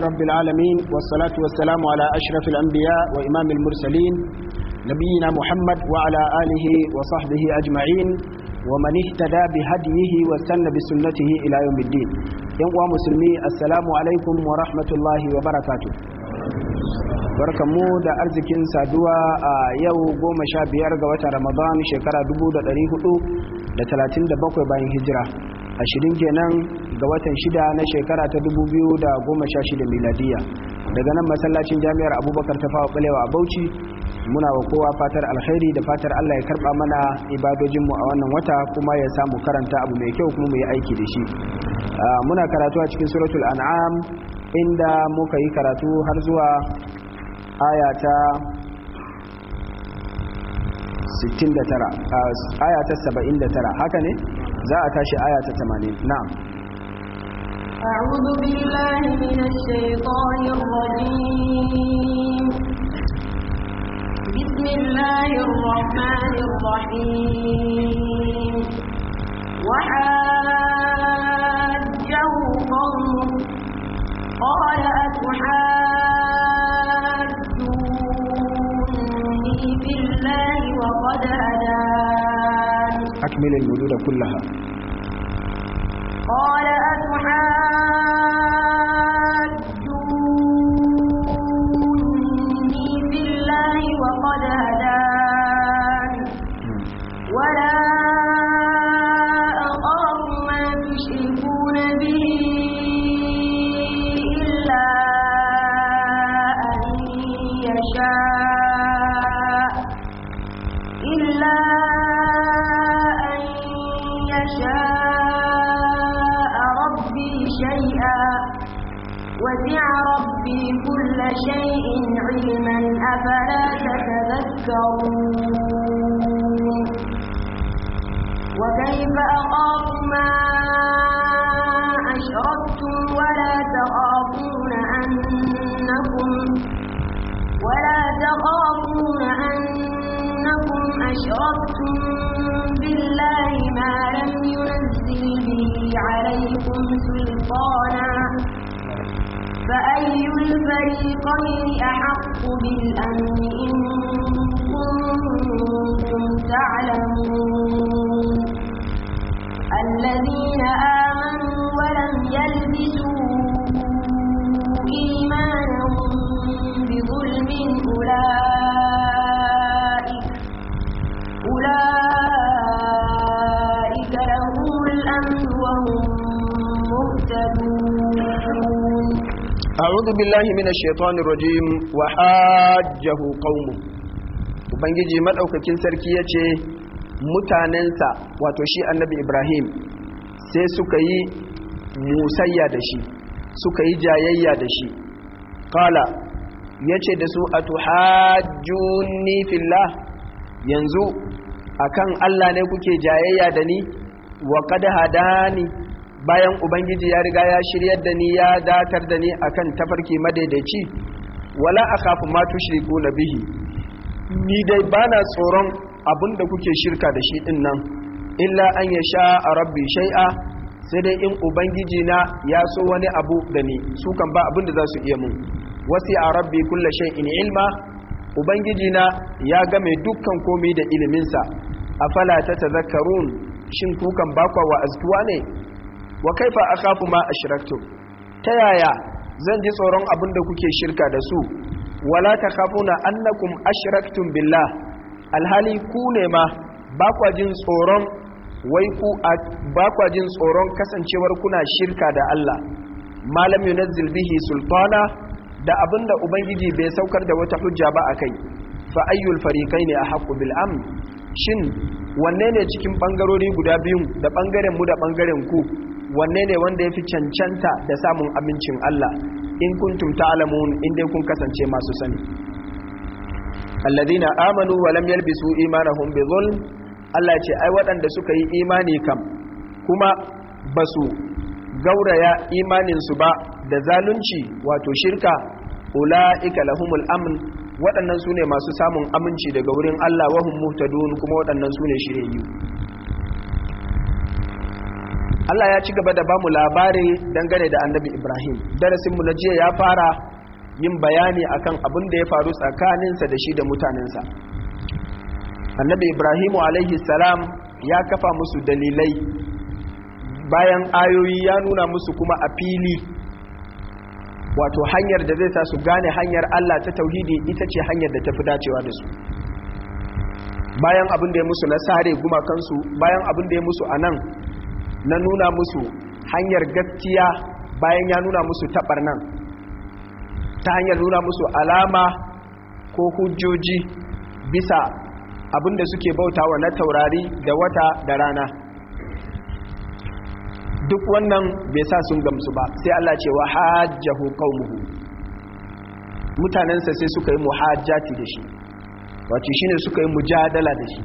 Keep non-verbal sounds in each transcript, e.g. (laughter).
رب العالمين والصلاة والسلام على أشرف الأنبياء وإمام المرسلين نبينا محمد وعلى آله وصحبه أجمعين ومن اهتدى بهديه واستنى بسنته إلى يوم الدين ينقوى مسلمي السلام عليكم ورحمة الله وبركاته barkan mu da arzikin saduwa a yau goma sha biyar ga watan ramadan shekara 1437 bayan hijira ashirin kenan ga watan shida na shekara ta 2016 miladiya daga nan masallacin jami'ar abubakar ta fawa balewa a bauchi muna wa kowa fatar alkhairi da fatar allah ya karba mana ibadojinmu a wannan wata kuma ya samu karanta abu mai kyau kuma mu yi aiki da shi muna karatu a cikin suratul an'am inda muka yi karatu har zuwa aya ta 69 aya ta 79 haka ne za a tashi aya ta 80 na'am أعوذ بالله من الشيطان الرجيم بسم الله الرحمن الرحيم وحاجه قوم قال أتحاجوني بالله وقد أتحاجوني تحمل الوجود كلها قال أتحاجوني في الله وقد هداني ولا أخاف ما تشركون به إلا أن يشاء الفريقين أحق بالأمن إن بالله من الشيطان الرجيم وحاجه قومه ubangiji madaukakin sarki ya ce mutanensa wato shi annabi ibrahim sai suka yi musayya da shi suka yi jayayya da shi kala ya ce da su a tuhajjuni fillah yanzu akan allah ne kuke jayayya da ni wa kada hadani bayan ubangiji ya riga ya shiryar da ni ya datar da ni akan tafarki madaidaici wala a akhafu ma tushriku bihi ni dai bana tsoron abin da kuke shirka da shi din nan illa an ya sha a rabbi shai'a, sai dai in ubangiji na ya so wani abu da ni su kan ba abin da za su iya mun wasi a rabbi kulla in ilma ubangiji na ya game dukkan komi da iliminsa fala ta tazakkarun shin kukan bakwa wa azkuwa ne wa kaifa akhafu ma ashraktum ta yaya zan ji tsoron abin da kuke shirka da su wala ta takhafuna annakum ashraktum billah alhali ku ne ma ba kwa jin tsoron wai ku ba kwa jin tsoron kasancewar kuna shirka da Allah malam yunazzil bihi sultana da abinda ubangiji bai saukar da wata hujja ba akai fa ayyul ne a bil amn shin wanne ne cikin bangarori guda biyun da bangaren mu da ɓangaren ku wanne ne wanda ya fi cancanta da samun amincin Allah in kuntum ta'lamun in dai kun kasance masu sani alladhina amanu wa lam yalbisu imanahum bi zulm Allah ce ai waɗanda suka yi imani kam kuma basu gauraya imanin su ba da zalunci wato shirka ula'ika lahumul amn waɗannan su ne masu samun aminci daga wurin Allah wahum muhtadun kuma waɗannan su ne shiryayyu Allah ya ci gaba da bamu labari dangane da annabi Ibrahim darasinmu na jiya ya fara yin bayani akan abin da ya faru tsakaninsa da shi da mutanensa annabi ibrahim alaihi salam ya kafa musu dalilai bayan ayoyi ya nuna musu kuma a fili wato hanyar da zai sa su gane hanyar Allah ta tauhidi ita ce hanyar da ta fi dacewa da su bayan abin da ya musu na sare gumakansu bayan abin da ya musu a nan na nuna musu hanyar gaskiya bayan ya nuna musu taɓar nan ta hanyar nuna musu alama ko hujjoji bisa abinda suke bautawa na taurari da wata da rana duk wannan bai sa sun gamsu ba sai Allah ce wa hajjahu qaumuhu mutanensa sai suka yi muhajjati da shi wato shine suka yi mujadala da shi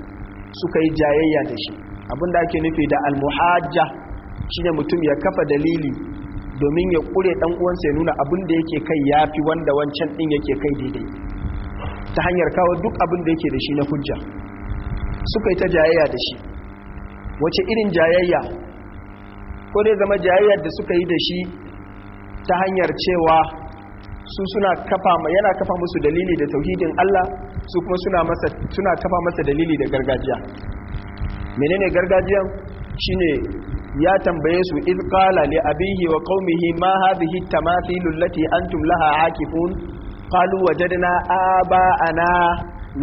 suka yi jayayya da shi abinda ake nufi da almuhajja shine mutum ya kafa dalili domin ya kure dan uwansa ya nuna abin da yake kai yafi wanda wancan din yake kai daidai ta hanyar kawo duk abin yake da shi na hujja suka yi ta jayayya da shi wace irin jayayya ko dai zama jayayyar da suka yi da shi ta hanyar cewa su suna kafa yana kafa musu dalili da tauhidin Allah su kuma suna kafa masa dalili da gargajiya menene gargajiyan shine ya tambaye su id qala li abihi wa qaumihi ma hadhihi tamathilu allati antum laha aakifun qalu wajadna aba'ana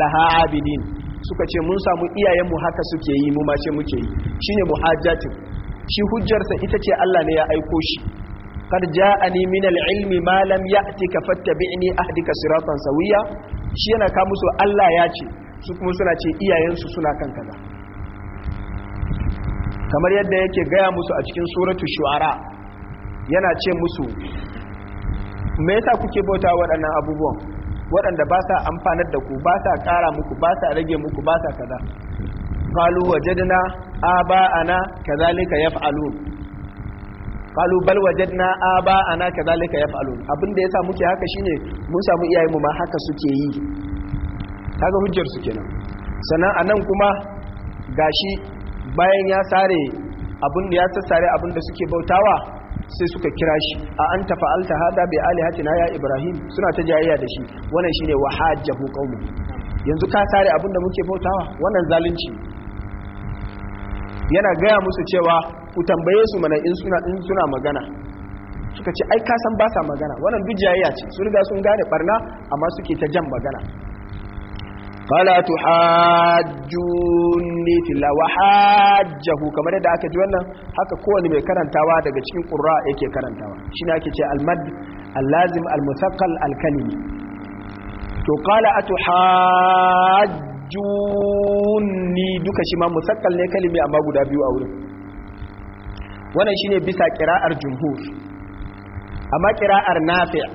laha abidin suka ce mun samu iyayenmu haka suke yi mu ma ce muke yi shine muhajjatin shi hujjarsa ita ce Allah ne ya aiko shi kad ja'ani min al-ilmi ma lam ya'tika fattabi'ni ahdika siratan sawiya shi yana ka musu Allah ya ce su kuma suna ce iyayensu suna kan kaza kamar yadda yake gaya musu a cikin suratu shu'ara yana ce musu me yasa kuke bauta waɗannan abubuwan waɗanda ba sa amfanar da ku ba sa ƙara muku ba sa rage muku ba sa kaza qalu wajadna aba'ana kadhalika yaf'alun qalu bal wajadna aba'ana kadhalika yaf'alun abinda yasa muke haka shine mun samu iyayenmu ma haka suke yi kaga hujjar su kenan sannan anan kuma gashi bayan ya sare abin da ya sassare abin da suke bautawa sai suka kira shi a an alta hada bai na ya ibrahim suna ta jayayya da shi wannan shine wahajjahu qaumu yanzu ka sare abin da muke bautawa wannan zalunci yana gaya musu cewa ku tambaye su mana in suna magana suka ce ai ka san ba sa magana wannan duk jayayya ce sun riga sun gane barna amma suke ta jan magana قال tuhajjuni fillah wa kamar da aka ji wannan haka kowane mai karantawa daga cikin qurra yake karantawa shine ake ce al-mad al-lazim al-musaqqal al-kalimi to qala atuhajjuni duka shi ma musaqqal ne kalimi amma guda biyu a wurin wannan shine bisa qira'ar jumhur amma qira'ar nafi'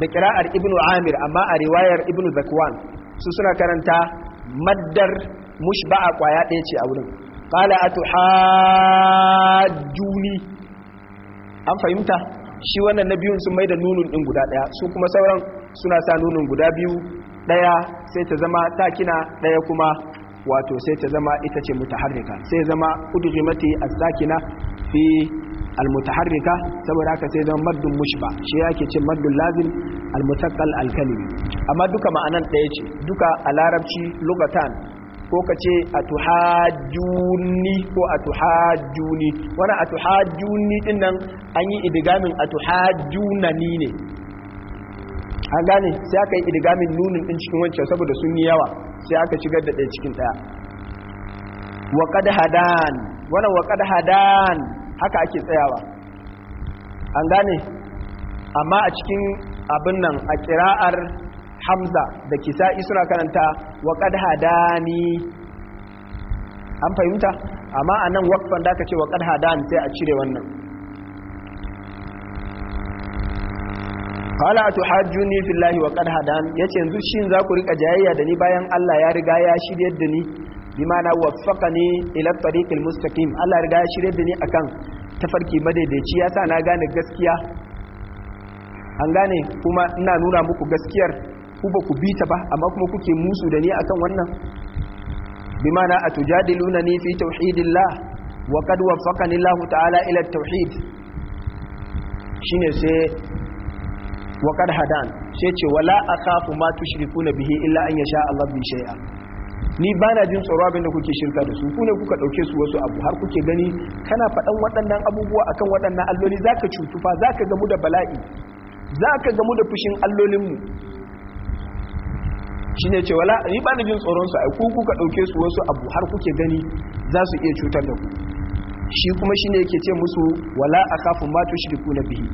da qira'ar ibnu amir amma a riwayar ibnu zakwan su suna karanta maddar a kwaya ɗaya ce a wurin qala atuhajjuni an fahimta shi wannan na biyun sun maida nunun din guda ɗaya su kuma sauran suna sa nunun guda biyu ɗaya sai ta zama takina ɗaya kuma wato sai ta zama ita ce mutaharrika sai zama udghimati a sakina fi almutaharrika saboda haka sai zama maddun mushba shi yake ce maddun lazim almutaqqal alkalimi amma duka ma'anan ɗaya ce duka a larabci lugatan ko ka ce a tuhajjuni ko a tuhajjuni wani a tuhajjuni din nan an yi idigamin a tuhajjunani ne an gane sai aka yi idigamin nunin din cikin wancan saboda sun yi yawa sai aka shigar da ɗaya cikin ɗaya wa qad hadan wannan wa qad hadan haka ake tsayawa an gane amma a cikin abin nan a kira'ar hamza da kisa isra karanta wa hadani an fahimta amma a nan wakfan da aka ce wa hadani sai a cire wannan a qala atuhajjuni fillahi wa qad hadani yace yanzu shi za ku rika jayayya da ni bayan Allah ya riga ya shiryar da ni bimana waffaqani ila tariqil mustaqim Allah riga ya shirye da ni akan tafarki madaidaici sa na gane gaskiya an gane kuma ina nuna muku gaskiyar ku ba ku bi ta ba amma kuma kuke musu da ni akan wannan bimana atujadiluna ni fi tauhidillah wa qad waffaqani Allah ta'ala ila tauhid shine sai wa qad hadan sai ce wala akhafu ma tushrikuna bihi illa an yasha Allah bi shay'a ni ba na jin tsoro abin da kuke shirka da su ku ne kuka ɗauke su wasu abu har kuke gani kana faɗan waɗannan abubuwa akan waɗannan alloli za ka cutu fa za ka gamu da bala'i za ka gamu da fushin allolinmu shi ne wala ni ba na jin tsoronsu a ku kuka ɗauke su wasu abu har kuke gani za su iya cutar da ku shi kuma shi ne yake ce musu wala a kafin ma tushriku na bihi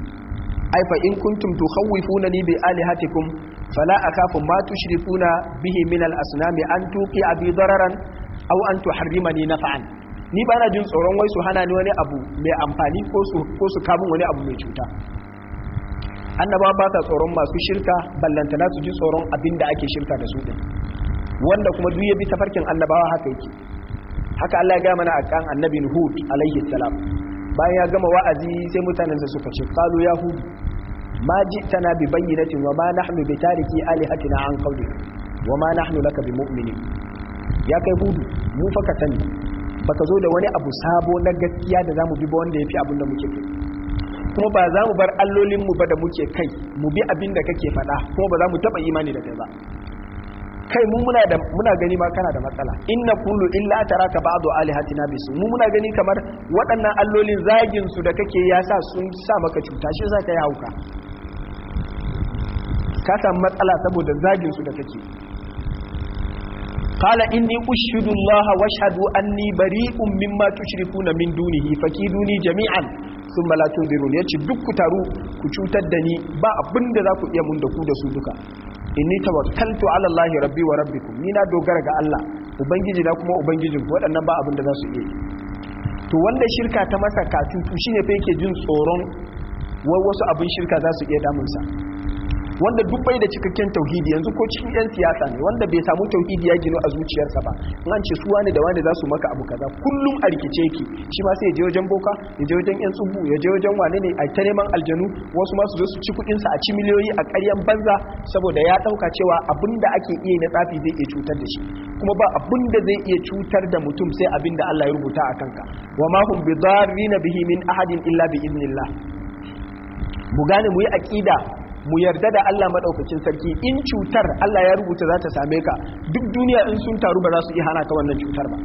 ai fa in kuntum tukhawifuna ni bi alihatikum fala akafu ما tushrikuna bihi من al أن an tuqi ضررا أو أن an نفعا ni ba na jin tsoron wai su hana ni wani abu mai amfani ko su ko kamun wani abu mai cuta annaba ba ta tsoron masu shirka ballanta na su ji tsoron abinda da ake shirka da su din wanda kuma duk ya bi farkin annabawa haka yake haka Allah ya ga mana akan Annabi Hud alaihi salam bayan ya gama wa'azi sai mutanen sa suka ce qalu ya hudu maji ji'tana bi bayyinatin wa ma nahnu bi na alihatina an qawli wa ma nahnu laka bi mu'minin ya kai hudu mu fa ka sani baka zo da wani abu sabo na gaskiya da zamu bi ba wanda yafi abin da muke kai kuma ba za mu bar allolinmu ba da muke kai mu bi abin da kake faɗa kuma ba za mu taɓa imani da kai ba kai mu muna da muna gani ma kana da matsala inna kullu illa taraka ba'du alihatina bisu mu muna gani kamar waɗannan allolin zagin su da kake ya sa sun sa maka cuta shi zaka yi hauka ka san matsala saboda zagin su da kake qala inni ushhidu allaha ashhadu anni bari'un mimma tushrikuna min dunihi fakiduni jami'an thumma la tudirun yace duk ku taru ku cutar da ni ba abinda za ku iya mun da ku da su duka inni tawakkaltu ala Allah rabbi wa rabbikum ni na dogara ga Allah ubangiji na kuma ubangijin waɗannan ba abin da za su iya to wanda shirka ta masa kafin katutu shine fa yake jin tsoron wai wasu abin shirka za su iya damunsa wanda duk bai da cikakken tauhidi yanzu ko cikin yan siyasa ne wanda bai samu tauhidi ya gino a zuciyarsa ba in ce su wani da wani za su maka abu kaza kullum a rikice yake shi ma sai ya je wajen boka ya je wajen yan tsubu ya je wajen wane ne a ta neman aljanu wasu ma su zo su ci kuɗin sa a ci miliyoyi a ƙaryan banza saboda ya ɗauka cewa abinda da ake iya na tsafi zai iya cutar da shi kuma ba abin zai iya cutar da mutum sai abin da Allah ya rubuta a kanka wa ma hum bidarrina bihi min ahadin illa bi idnillah mu gane mu yi aqida mu yarda da Allah madaukakin sarki in cutar Allah ya rubuta za ta same ka duk duniya in sun taru ba za su iya hana ka wannan cutar ba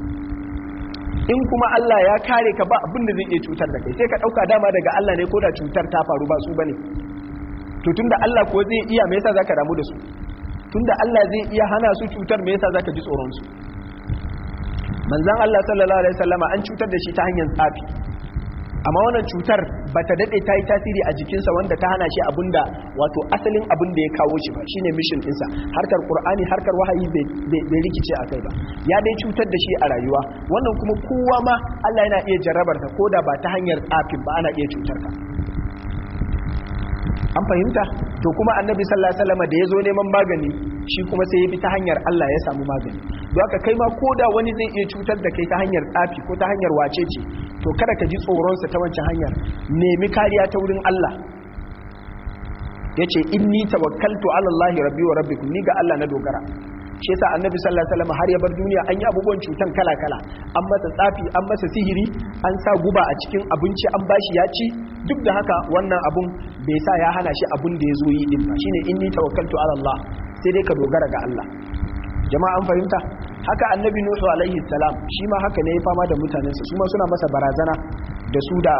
in kuma Allah ya kare ka ba abin da zai iya cutar da kai sai ka dauka dama daga Allah ne ko da cutar ta faru ba su bane to tunda Allah ko zai iya me yasa zaka damu da su tunda Allah zai iya hana su cutar me yasa zaka ji tsoron su manzon Allah sallallahu alaihi wasallama an cutar da shi ta hanyar tsafi amma wannan cutar ba ta daɗe ta yi tasiri a jikinsa wanda ta hana shi da wato asalin abin da ya kawo shi ba shine mission ɗinsa harkar ƙur'ani harkar wahayi bai rikice a kai ba ya dai cutar da shi a rayuwa wannan kuma kowa ma Allah yana iya jarrabar ta ko da ba ta hanyar tsafin ba ana iya cutar ka an fahimta to kuma annabi sallallahu alaihi wasallam da ya zo neman magani shi kuma sai ya bi ta hanyar Allah ya samu magani don haka kai ma koda wani zai iya cutar da kai ta hanyar tsafi ko ta hanyar wace ce to kada ka ji tsoron sa ta wancan hanyar nemi kariya ta wurin Allah yace inni tawakkaltu ala Allah rabbi wa rabbikum ni ga Allah na dogara shi yasa annabi sallallahu alaihi wasallam har ya bar duniya an yi abubuwan cutan kala kala an masa tsafi an masa sihiri an sa guba a cikin abinci an bashi ya ci duk da haka wannan abun bai sa ya hana shi abun da ya zo yi din ba shine inni tawakkaltu ala Allah sai dai ka dogara ga Allah jama'a an fahimta haka annabi nuhu alaihi salam shi ma haka ne ya fama da mutanensa su ma suna masa barazana da su da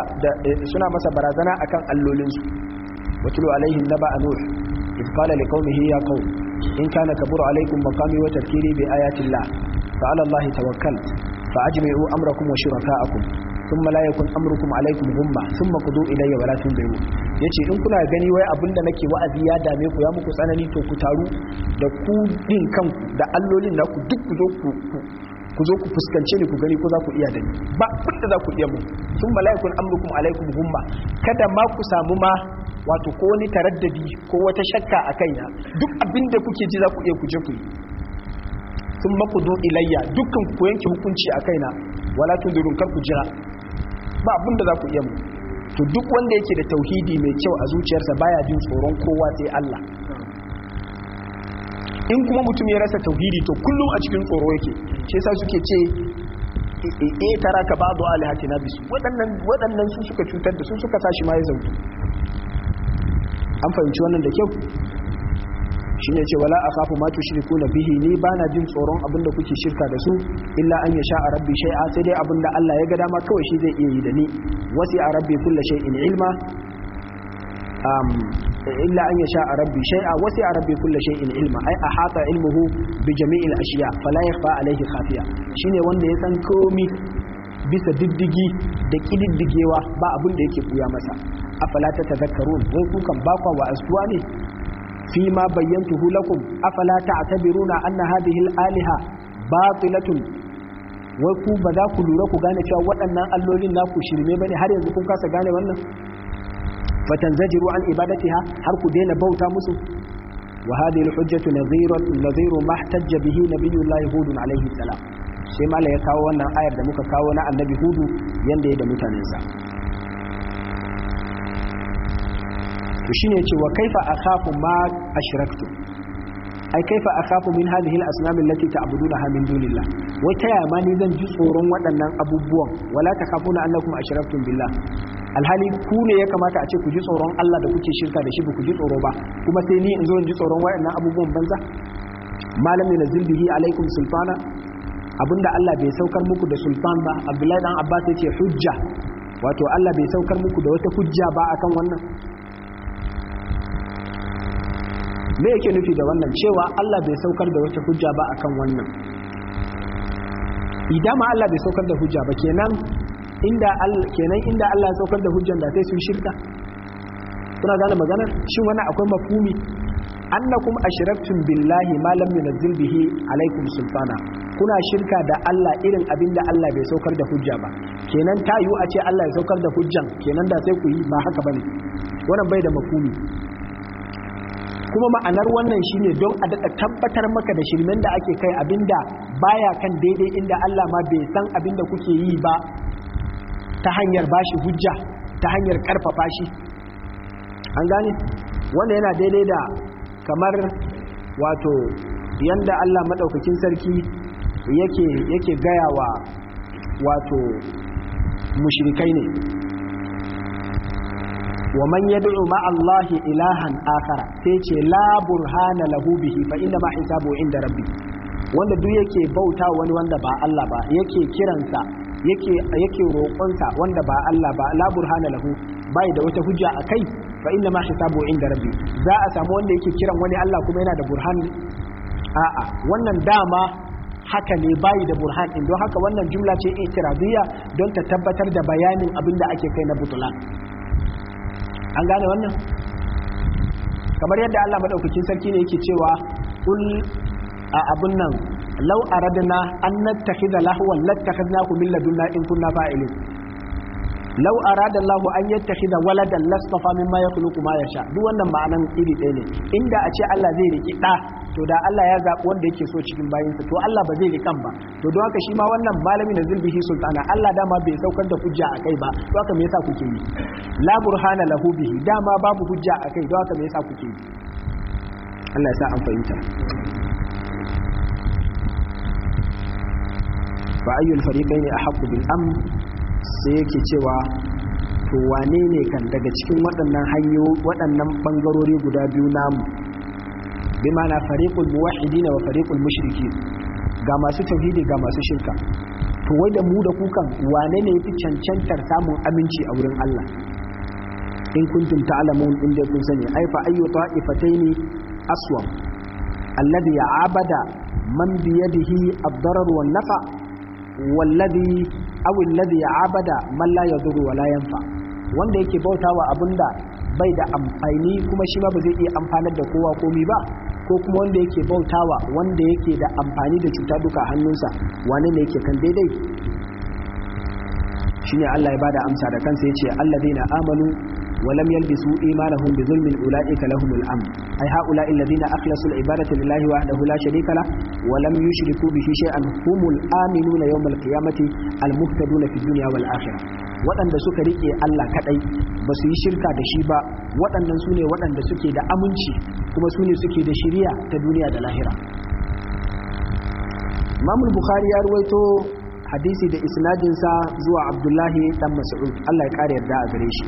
suna masa barazana akan allolinsu watulu alaihi naba nuh idh qala liqaumihi ya qaum in kana kabur alaikum maqami wa tadhkiri bi ayati llah fa ala allah tawakkalt fa ajmi'u amrakum wa shuraka'akum thumma la yakun amrukum alaikum humma thumma qudu ilayya wa la tunziru yace in kuna gani wai abinda nake wa'azi ya dame ku ya muku tsanani to ku taru da ku din kanku da allolin naku duk ku zo ku ku zo ku fuskance ni ku gani ko za ku iya da ni ba da za ku iya mu sun mala'ikun amrukum alaikum humma kada ma ku samu ma wato ko wani taraddadi ko wata shakka a kaina duk abin da kuke ji za ku iya ku je ku yi sun makudu ilayya dukkan ku yanke hukunci a kaina wala durun kar ku jira ba abin da za ku iya mu to duk wanda yake da tauhidi mai kyau a zuciyarsa baya jin tsoron kowa sai Allah in kuma mutum ya rasa tauhidi to kullum a cikin tsoro yake shi yasa suke ce e, e tara ka ba'du na bisu waɗannan wadannan su suka cutar da su suka sashi ma ya zautu an fahimci wannan da kyau shine ce wala akhafu ma na bihi ni bana jin tsoron abinda kuke shirka da su illa an yasha a rabbi shay'a sai dai abinda Allah ya ga dama kawai shi zai iya yi da ni wasi a rabbi kullu shay'in ilma illa an yasha rabbi shay'a wasi rabbi kulli shay'in ilma ai ahata ilmuhu bi jami'il ashiya fala yakhfa alayhi khafiya shine wanda ya san komi bisa diddigi da kididdigewa ba abin da yake buya masa afala ta tazakkarun wai kukan bakwa wa astuwa ne fi ma bayyantuhu lakum afala ta'tabiruna anna hadhihi al-aliha batilatun wai ku ba za ku lura ku gane cewa waɗannan allolin naku shirme bane har yanzu kun kasa gane wannan fatanzajiru an ibadatiha har ku daina bauta musu wa hadhihi al-hujjatu nadhirun nadhiru ma ihtajja bihi hudun alaihi salam sai mala ya kawo wannan ayar da muka kawo na annabi hudu yanda ya da mutanensa to shine yace wa kaifa akhafu ma ashraktu ai kaifa akhafu min hadhihi al-asnam allati ta'budunaha min dunillah wai ta yaya ma ni zan ji tsoron waɗannan abubuwan wala takhafuna annakum ashraftum billah alhali ku ne ya kamata a ce ku ji tsoron Allah da kuke shirka da shi ba ku ji tsoro ba kuma sai ni in zo in ji tsoron waɗannan abubuwan banza malam ne nazil alaikum sultana abinda Allah bai saukar muku da sultan ba Abdullahi dan Abbas yace hujja wato Allah bai saukar muku da wata hujja ba akan wannan me yake nufi da wannan cewa Allah bai saukar da wata hujja ba akan wannan idan ma Allah bai saukar da hujja ba kenan inda Allah kenan inda Allah ya saukar da hujjan da sai sun shirka kuna gane magana shin wannan akwai mafhumi annakum ashraktum billahi ma lam yunzil bihi alaikum sultana kuna shirka da Allah irin abinda Allah bai saukar da hujja ba kenan ta yiwu a ce Allah ya saukar da hujjan kenan da sai ku yi ba haka bane wannan bai da mafhumi kuma ma'anar wannan shine don a daɗa tabbatar maka da shirmen da ake kai abinda baya kan daidai inda Allah ma bai san abinda kuke yi ba ta hanyar bashi hujja ta hanyar karfafa shi an gane wannan yana daidai da kamar wato yanda Allah madaukakin sarki yake yake gaya wa wato mushrikai ne wa man yad'u ma Allahi ilahan akara sai ce la burhana lahu bihi fa inna ma hisabu inda rabbi wanda duk yake bauta wani wanda ba Allah ba yake kiransa yake yake roƙonsa wanda ba Allah ba la burhana lahu bai da wata hujja a kai, fa inna ma hisabu inda rabbi za a samu wanda yake kiran wani Allah kuma yana da burhan a'a wannan dama haka ne bayi da burhan din don haka wannan jumla ce itiradiyya don ta tabbatar da bayanin abin da ake kai na butulan an gane wannan kamar yadda Allah madaukakin sarki ne yake cewa kul a abun nan law aradna an nattakhidha lahu lattakhadnahu min ladunna in kunna fa'ilin law arada Allah an yattakhidha waladan lastafa mimma yakhluqu ma yasha duk wannan ma'anan iri ɗaya ne inda a ce Allah zai riki da to da Allah ya zaɓi wanda yake so cikin bayinsa to Allah ba zai rikan ba to don haka shi ma wannan malami na zulbihi sultana Allah dama bai saukar da hujja a kai ba to haka me yasa kuke yi la burhana lahu bihi dama babu hujja a kai don haka me yasa kuke yi Allah ya sa an fahimta fa ayyul fariqaini ahqqu bil amn sai yake cewa to wane ne kan daga cikin waɗannan hanyoyi waɗannan ɓangarori guda biyu namu bi mana fariqul muwahhidin wa fariqul mushrikin ga masu tauhidi ga masu shirka to wai da mu da kukan wane ne yafi cancantar samun aminci a wurin Allah in kuntum ta'lamun in da kun sani ai fa ayyu ta'ifataini aswam alladhi ya'abada man bi yadihi ad-darar wan nafa والذي awi ladhi ya'abada man la yadurru wa la yanfa wanda yake bautawa abinda bai da amfani kuma shi ba zai iya amfanar da kowa komi ba ko kuma wanda yake bautawa wanda yake da amfani da cuta duka hannunsa wane ne yake kan daidai shine Allah ya bada amsa da kansa yace alladheena amanu ولم يلبسوا إيمانهم بظلم أولئك لهم الأمن أي هؤلاء الذين أخلصوا العبادة لله وحده لا شريك له ولم يشركوا به شيئا هم الآمنون يوم القيامة المهتدون في الدنيا والآخرة waɗanda suka riƙe Allah kaɗai ba su yi shirka da shi ba waɗannan su ne waɗanda suke da aminci kuma su ne suke da shiriya ta duniya da lahira Imamul Bukhari ya ruwaito hadisi da isnadinsa zuwa Abdullahi Ɗan Mas'ud Allah ya ƙara yarda a gare shi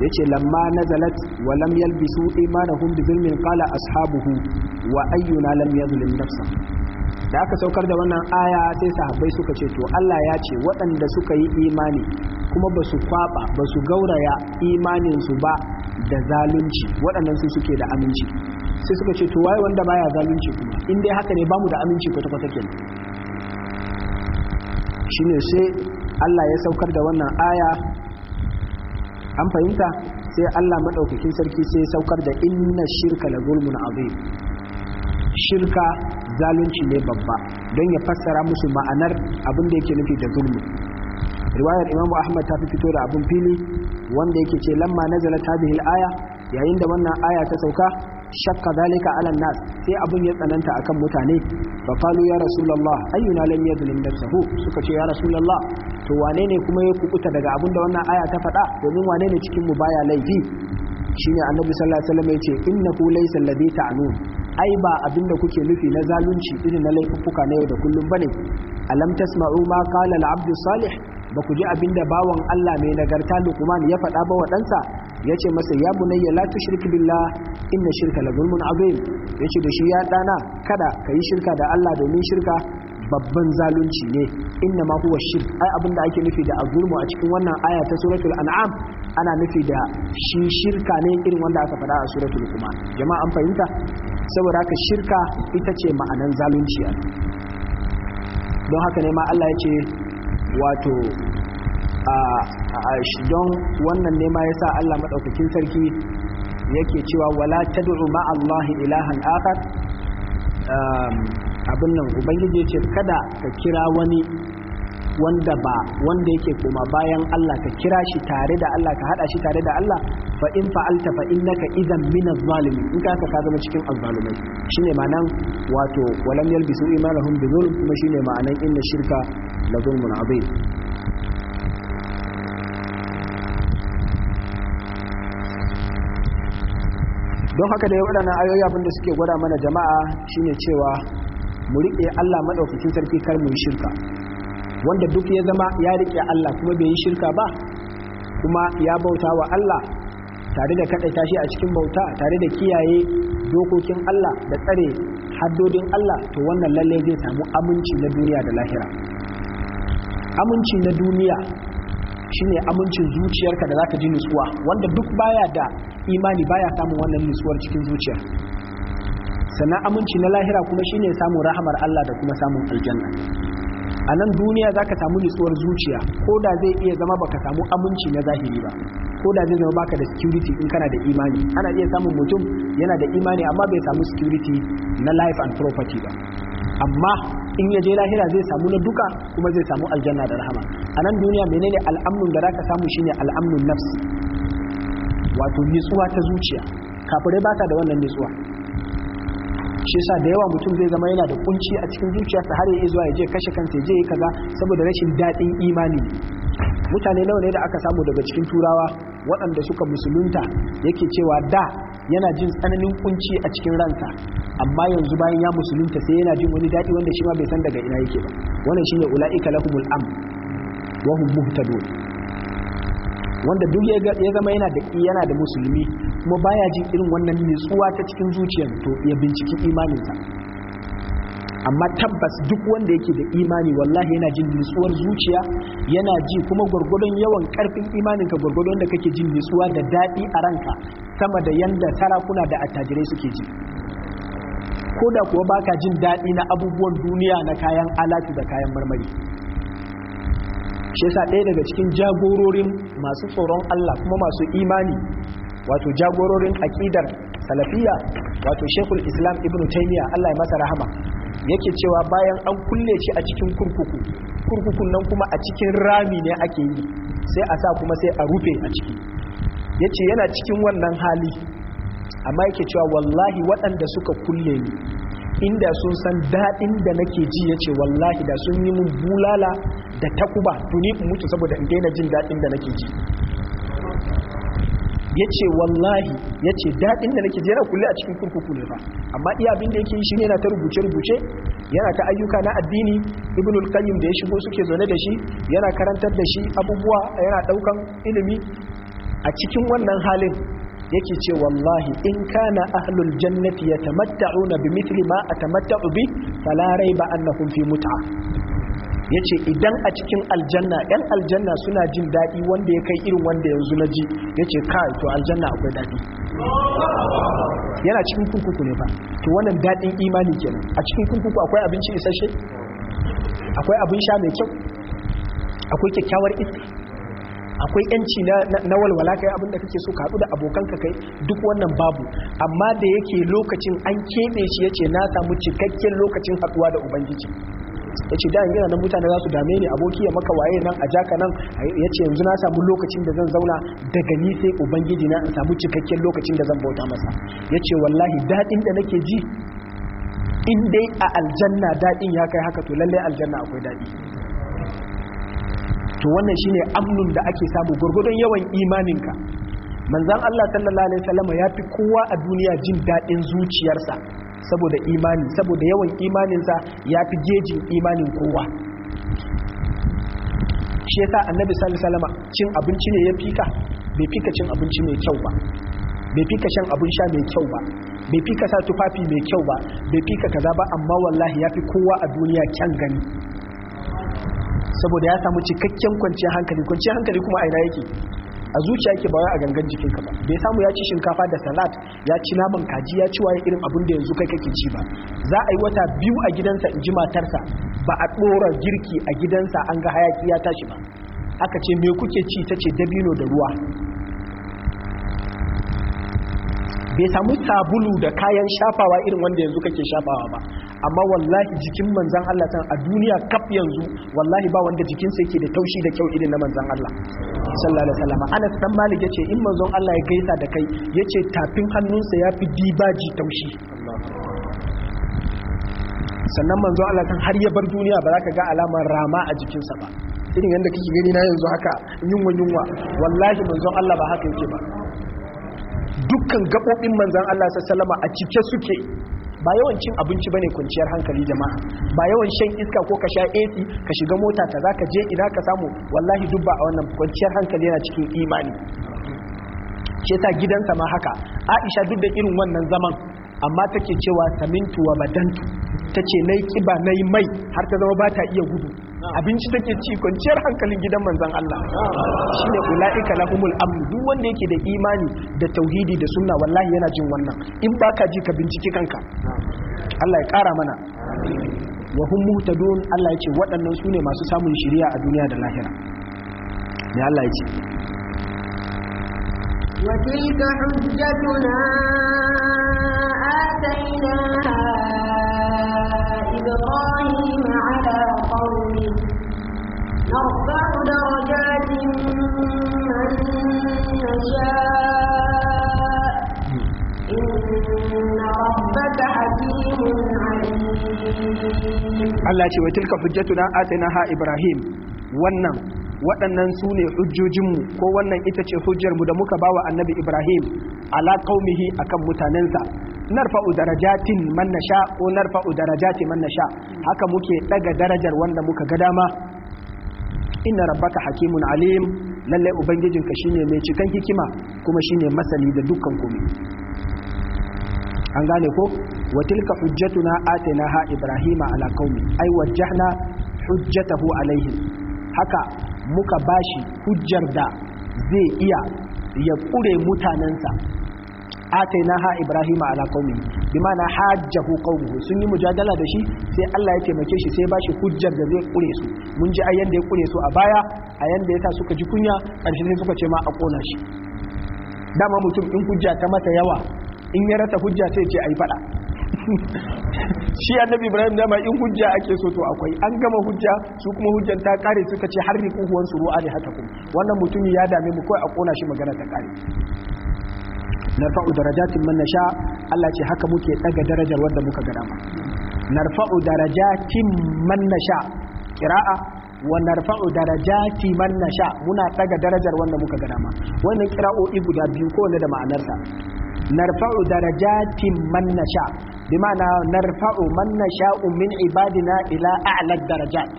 yace lamma na Zalat wa lam yalbisu imanahum bi zulmin qala ashabuhu wa ayyuna lam yadhlim nafsa da aka saukar da wannan aya sai sahabbai suka ce to Allah ya ce waɗanda suka yi imani kuma ba su kwaba ba su gauraya imanin ba da zalunci waɗannan su suke da aminci sai suka ce to waye wanda baya zalunci kuma in dai haka ne bamu da aminci kwata kwata kenan shine sai Allah ya saukar da wannan aya an fahimta sai Allah maɗaukakin sarki sai ya saukar da inna shirka la zulmun azim shirka zalunci ne babba don ya fassara musu ma'anar abin da yake nufi da zulmi riwayar imamu ahmad ta fi fito da abin fili wanda yake ce lamma nazala zala al-aya yayin da wannan aya ta sauka shakka zalika ala nas sai abin ya tsananta akan mutane fa qalu ya rasulullah ayyuna lam yadhlim nafsahu suka ce ya rasulullah to wane ne kuma ya kubuta daga abin da wannan aya ta faɗa domin wane ne cikin mu baya laifi shine annabi sallallahu alaihi wasallam yace innahu laysa alladhi ta'nun ai ba abinda kuke nufi na zalunci irin na laifuffuka na yau da kullum bane alam tasma'u ma qala al-abdu salih ba ku ji abinda bawan Allah mai nagarta Luqman ya faɗa ba wa ɗansa yace masa ya bunayya la tushrik billah inna shirka la zulmun azim yace da shi ya dana kada yi shirka da Allah domin shirka babban zalunci ne inna ma huwa shirk ai abinda ake nufi da azulmu a cikin wannan aya ta suratul an'am ana nufi da shi shirka ne irin wanda aka faɗa a suratul kuma jama'a an fahimta saboda haka shirka ita ce ma'anan zalunci don haka ne ma Allah ya ce wato don wannan ne ma yasa Allah madaukakin sarki yake cewa wala tad'u ma Allah ilahan akhar abin nan ubangiji ce kada ka kira wani wanda ba wanda yake koma bayan Allah ka kira shi tare da Allah ka hada shi tare da Allah fa in fa'alta fa innaka idan min az-zalimin in ka ka zama cikin az-zalimai shine ma'anan wato walam yalbisu imanahum bi zulm kuma shine ma'anan inna shirka la zulmun abin. don haka da waɗannan ayoyi abin da suke gwada mana jama'a shine cewa mu riƙe Allah maɗaukacin sarki kar mu yi shirka wanda duk ya zama ya riƙe Allah kuma bai yi shirka ba kuma ya bauta wa Allah tare da kaɗaita shi a cikin bauta tare da kiyaye dokokin Allah da tsare haddodin Allah to wannan lalle zai samu aminci na duniya da lahira aminci na duniya shine amincin zuciyarka da zaka ji nutsuwa wanda duk baya da imani baya samun wannan nutsuwar cikin zuciya sannan aminci na lahira kuma shine samun rahamar Allah da kuma samun aljanna a nan duniya zaka samu nitsuwar zuciya ko da zai iya zama ba ka samu aminci na zahiri ba ko da zai zama baka da security in kana da imani ana iya samun mutum yana da imani amma bai samu security na life and property ba amma in ya je lahira zai samu na duka kuma zai samu aljanna da rahama a nan duniya menene al'amnun da zaka samu shine al'amnun nafsi wato nutsuwa ta zuciya kafirai ba da wannan nitsuwa shi sa da yawa mutum zai zama yana da kunci a cikin zuciyarsa har ya zuwa ya je kashe kansa ya je ya kaza saboda rashin daɗin imani mutane nawa ne da aka samu daga cikin turawa waɗanda suka musulunta yake cewa da yana jin tsananin kunci a cikin ranta amma yanzu bayan ya musulunta sai yana jin wani daɗi wanda shi ma bai san daga ina yake ba wannan shine ula'ika lahumul am wa hum muhtadun wanda duk ya zama yana da yana da musulmi kuma baya jin irin wannan nutsuwa ta cikin zuciyar to ya binciki imaninsa amma tabbas duk wanda yake da imani wallahi yana jin nutsuwar zuciya yana ji kuma gwargwadon yawan karfin imanin ka gwargwadon da kake jin nutsuwa da daɗi a ranka sama da yanda sarakuna da attajirai suke ji ko da kuwa baka jin daɗi na abubuwan duniya na kayan alatu da kayan marmari shi yasa ɗaya daga cikin jagororin masu tsoron Allah kuma masu imani wato jagororin aƙidar salafiya wato shekul islam ibn taimiya allah ya masa rahama yake cewa bayan an kulle shi a cikin kurkuku kurkukun nan kuma a cikin rami ne ake yi sai a sa kuma sai a rufe a ciki ya ce yana cikin wannan hali amma yake cewa wallahi waɗanda suka kulle ni inda sun san daɗin da nake ji ya ce wallahi da sun yi mun bulala da takuba tuni in mutu saboda in daina jin daɗin da nake ji ya ce wallahi ya ce daɗin da nake jera kulle a cikin kurkuku ne ba amma iya abin da yake yi shine yana ta rubuce-rubuce yana ta ayyuka na addini ibn al da ya shigo suke zaune da shi yana karantar da shi abubuwa yana ɗaukan ilimi a cikin wannan halin yake ce wallahi in kana ahlul jannati yatamatta'una bimithli ma atamatta'u bi fala an annahum fi mut'a ya ce idan a cikin aljanna 'yan aljanna suna jin daɗi wanda ya kai irin wanda yanzu na ji ya ce kai to aljanna akwai daɗi yana cikin kunkuku ne ba to wannan daɗin imani kenan a cikin kunkuku akwai abinci isashe? akwai abin sha mai kyau akwai kyakkyawar iska akwai yanci na walwala kai abin da kake so ka haɗu da abokanka kai duk wannan babu amma da yake lokacin an keɓe shi yace na samu cikakken lokacin haɗuwa da ubangiji yace da yana nan mutane za su dame ni aboki ya maka waye nan a jaka nan yace yanzu na samu lokacin da zan zauna daga ni sai ubangiji na samu cikakken lokacin da zan bauta masa yace wallahi daɗin da nake ji in dai a aljanna daɗin ya kai haka to lallai aljanna akwai daɗi. to wannan shine amnun da ake samu gurgudun yawan imaninka manzan Allah sallallahu alaihi salama ya fi kowa a duniya jin daɗin zuciyarsa saboda imani saboda yawan imaninsa ya fi jeji imanin kowa shi yasa annabi sallallahu alaihi cin abinci ne ya fika bai fika cin abinci mai kyau ba bai fika shan abin sha mai kyau ba bai fika sa tufafi mai kyau ba bai fika kaza ba amma wallahi ya fi kowa a duniya kyan gani saboda ya samu cikakken kwanciyar hankali kwanciyar hankali kuma a aina yake a zuciya yake ba a gangan jikin ka ba bai samu ya ci shinkafa da salat ya ci naman kaji ya ci waye irin abin da yanzu kai kake ci ba za a yi wata biyu a gidansa in ji matarsa ba a ɗora girki a gidansa an ga hayaki ya tashi ba aka ce me kuke ci ta ce dabino da ruwa bai samu sabulu da kayan shafawa irin wanda yanzu kake shafawa ba amma wallahi jikin manzan Allah tan a duniya kaf yanzu wallahi ba wanda jikinsa yake da taushi da kyau irin na manzan Allah sallallahu alaihi wasallam Anas dan Malik yace in manzon Allah ya gaisa da kai yace tafin hannunsa yafi dibaji taushi sannan manzo Allah kan har ya bar duniya ba za ka ga alamar rama a jikinsa ba irin yanda kike gani na yanzu haka yunwa yunwa wallahi manzon Allah ba haka yake ba dukkan gabobin manzan Allah sallama a cike suke ba yawan cin abinci bane kwanciyar hankali jama'a ba yawan shan iska ko ka sha AC ka shiga mota ta zaka je ina ka samu wallahi dubba a wannan kwanciyar hankali yana cikin imani shi gidan gidansa ma haka Aisha duk da irin wannan zaman amma take cewa samintu wa badantu tace nayi kiba nayi mai har ta zama ba ta iya gudu abinci take ci kwanciyar hankalin gidan manzon Allah shine ulaika lahumul amn duk wanda yake da imani da tauhidi da sunna wallahi yana jin wannan in baka ji ka binciki kanka Allah ya kara mana wa hum muhtadun Allah ya ce waɗannan su ne masu samun shiriya a duniya da lahira ne Allah ya ce wa tilka hujjatuna atainaha إبراهيم على قومه نرفع درجات من نشاء إن ربك حكيم عليم الله ce wa tilka hujjatuna atinaha Ibrahim wannan waɗannan su ne hujjojinmu ko wannan ita ce hujjarmu da muka bawa annabi Ibrahim ala kaumihi akan mutanensa narfa'u darajatin man nasha ko narfa'u darajati man nasha haka muke daga darajar wanda muka ga dama inna rabbaka hakimun alim lalle ka shine mai cikan hikima kuma shine masani da dukkan komai an gane ko wa tilka hujjatuna atainaha ibrahima ala qaumi ay wajjahna hujjatahu alaihi haka muka bashi hujjar da zai iya ya kure mutanensa atainaha ibrahima ala qaumi bima na hajjahu qaumuhu sun yi mujadala da shi sai Allah ya taimake shi sai bashi hujjar da zai kure su mun ji ayyan da ya kure su a baya ayyan da yasa suka ji kunya karshe sai suka ce ma a kona shi dama mutum in hujja ta mata yawa in ya rasa hujja sai ce ai fada (laughs) shi annabi ibrahim dama in hujja ake so to akwai an gama hujja su kuma hujjan ta kare suka ce har riku huwan suru ali hatakum wannan mutumi ya dame mu kai a kona shi magana ta kare narfa'u darajatin man nasha Allah ce haka muke daga darajar wanda muka ga dama narfa'u darajatin man nasha qira'a wa narfa'u darajati man nasha muna daga darajar wanda muka ga dama wannan qira'o'i guda biyu ko ne da ma'anarsa narfa'u darajatin man nasha bi ma'ana narfa'u man nasha'u min ibadina ila a'la darajat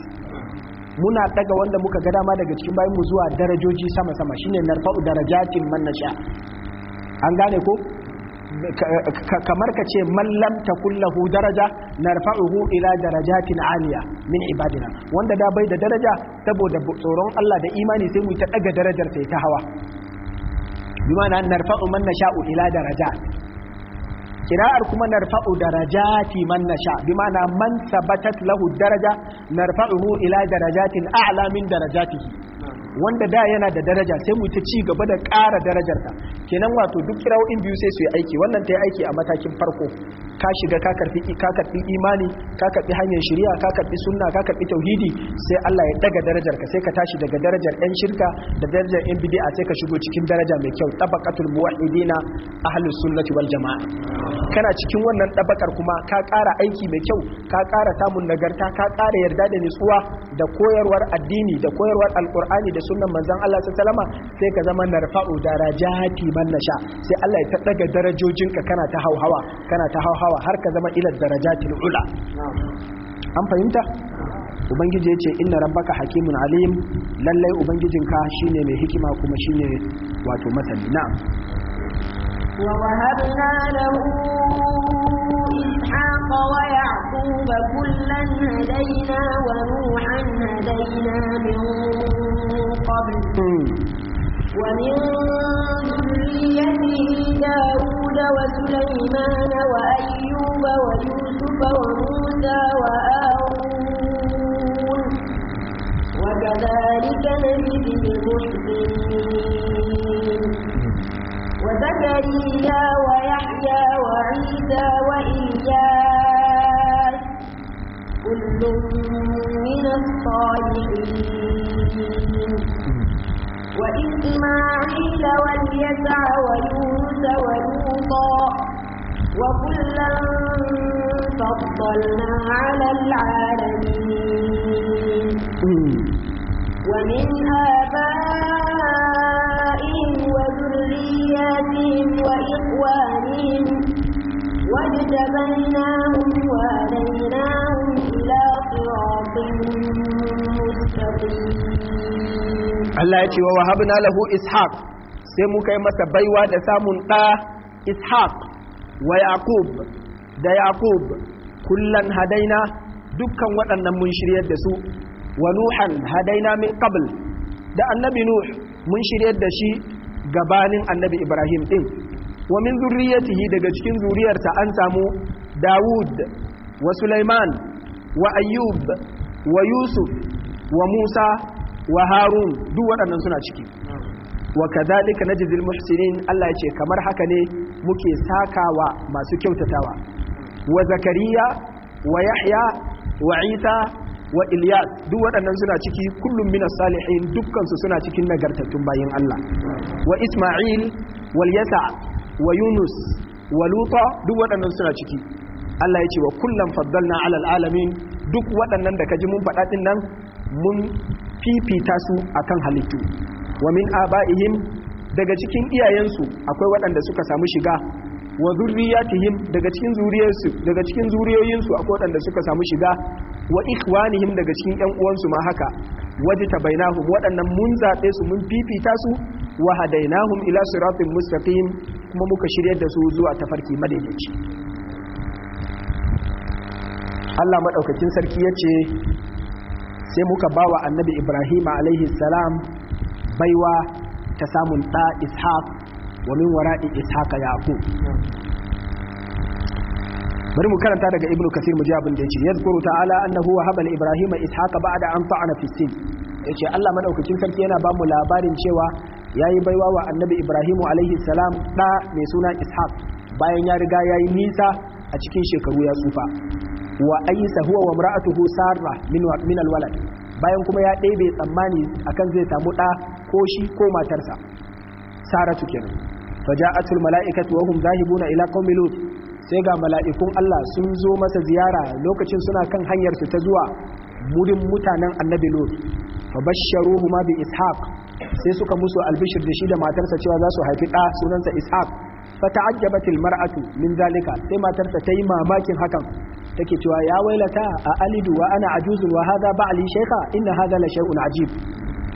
muna daga wanda muka ga dama daga cikin bayan mu zuwa darajoji sama sama shine narfa'u darajatin man nasha an gane ko kamar ka ce mallam ta kullahu daraja na rafa'uhu ila darajatin aliya min ibadina wanda da bai da daraja saboda tsoron Allah da imani sai mu ta daga darajar sai ta hawa Bima bimana narfa'u man nasha'u ila darajat kira'ar kuma narfa'u darajati man nasha na man sabatat lahu daraja narfa'uhu ila darajatin a'la min darajatihi wanda da yana da daraja sai mu ta ci gaba da ƙara darajarta kenan wato duk kirawoyin biyu sai su yi aiki wannan ta yi aiki a matakin farko ka shiga ka karfi imani ka karfi hanyar shari'a ka karfi sunna ka karfi tauhidi sai Allah ya daga darajar ka sai ka tashi daga darajar yan shirka da darajar yan bid'a sai ka shigo cikin daraja mai kyau tabaqatul muwahhidina ahlus sunnati wal jamaa kana cikin wannan tabakar kuma ka ƙara aiki mai kyau ka ƙara samun nagarta ka ƙara yarda da nutsuwa da koyarwar addini da koyarwar alqur'ani da sunnan manzon Allah sallallahu sai ka zama narfa'u darajati man nasha sai Allah ya ta daga ka kana ta hauhawa kana ta hauhawa har ka zama ila darajatil ula an fahimta ubangiji ya inna rabbaka hakimun alim lallai ubangijinka shine mai hikima kuma shine wato masani na'am wa wahabna lahu إسحاق ويعقوب كلا هدينا ونوحا هدينا من قبل ومن ذريته داود وسليمان وأيوب ويوسف وموسى وآرون وكذلك نجد المحسنين وزكريا ويحيى وعيسى وإلياس كل من الصالحين وإسماعيل واليسع ويونس ولوطا وكلا فضلنا على العالمين ومن آبائهم Allah ya ce wa wahabna lahu ishaq sai muka yi masa baiwa da samun ɗa ishaq wa yaqub da yaqub kullan hadaina dukkan waɗannan mun shiryar da su wa nuhan hadaina min qabl da annabi nuh mun shiryar da shi gabanin annabi ibrahim din wa min zurriyatihi daga cikin zuriyarsa an samu dawud wa sulaiman wa ayyub wa yusuf wa musa wa harun duk waɗannan suna ciki wa na najzil muhsinin Allah yace kamar haka ne muke sakawa masu kyautatawa wa zakariya wa yahya wa isa wa ilyas duk waɗannan suna ciki kullum minas salihin dukkan su suna cikin nagartattun bayin Allah wa isma'il wal yasa wa yunus wa luta duk waɗannan suna ciki Allah ya ce wa kullum faddalna alal alamin duk waɗannan da ka ji mun faɗa nan mun fifita su akan halittu wa min aba'ihim daga cikin iyayensu akwai waɗanda suka samu shiga wa zurriyatihim daga cikin zuriyarsu daga cikin zuriyoyinsu akwai waɗanda suka samu shiga wa ikhwanihim daga cikin ƴan uwansu ma haka waje tabainahum waɗannan mun zaɓe su mun fifita su wa hadainahum ila siratin mustaqim kuma muka shiryar da su zuwa tafarki madaidaici Allah madaukakin sarki yace sai muka bawa annabi ibrahim alaihi salam baiwa ta samun ɗa ishaq wa min wara'i ishaq yaqub bari mu karanta daga ibnu kasir mu ji abin da yace yazkuru ta'ala annahu wa habal ibrahim ishaq ba'da an fa'ana fi sin yace Allah madaukakin sarki yana ba mu labarin cewa yayi baiwa wa annabi ibrahim alaihi salam ɗa mai suna ishaq bayan ya riga yayi nisa a cikin shekaru ya tsufa wa aisa huwa wa mar'atuhu sarra min min alwalad bayan kuma ya ɗebe tsammani akan zai samu ɗa ko shi ko matarsa saratu kenan faja'atul mala'ikatu wa hum zahibuna ila qaumi lut sai ga mala'ikun Allah sun zo masa ziyara lokacin suna kan hanyarsu ta zuwa murin mutanen annabi lut fa basharuhu ma bi ishaq sai suka musu albishir da shi da matarsa cewa za su haifi ɗa sunansa ishaq fa ta'ajjabatil mar'atu min zalika sai matarsa ta yi mamakin hakan take cewa ya wailata a alidu wa ana ajuzun wa hadha ba'li shaykha inna hadha la shay'un ajib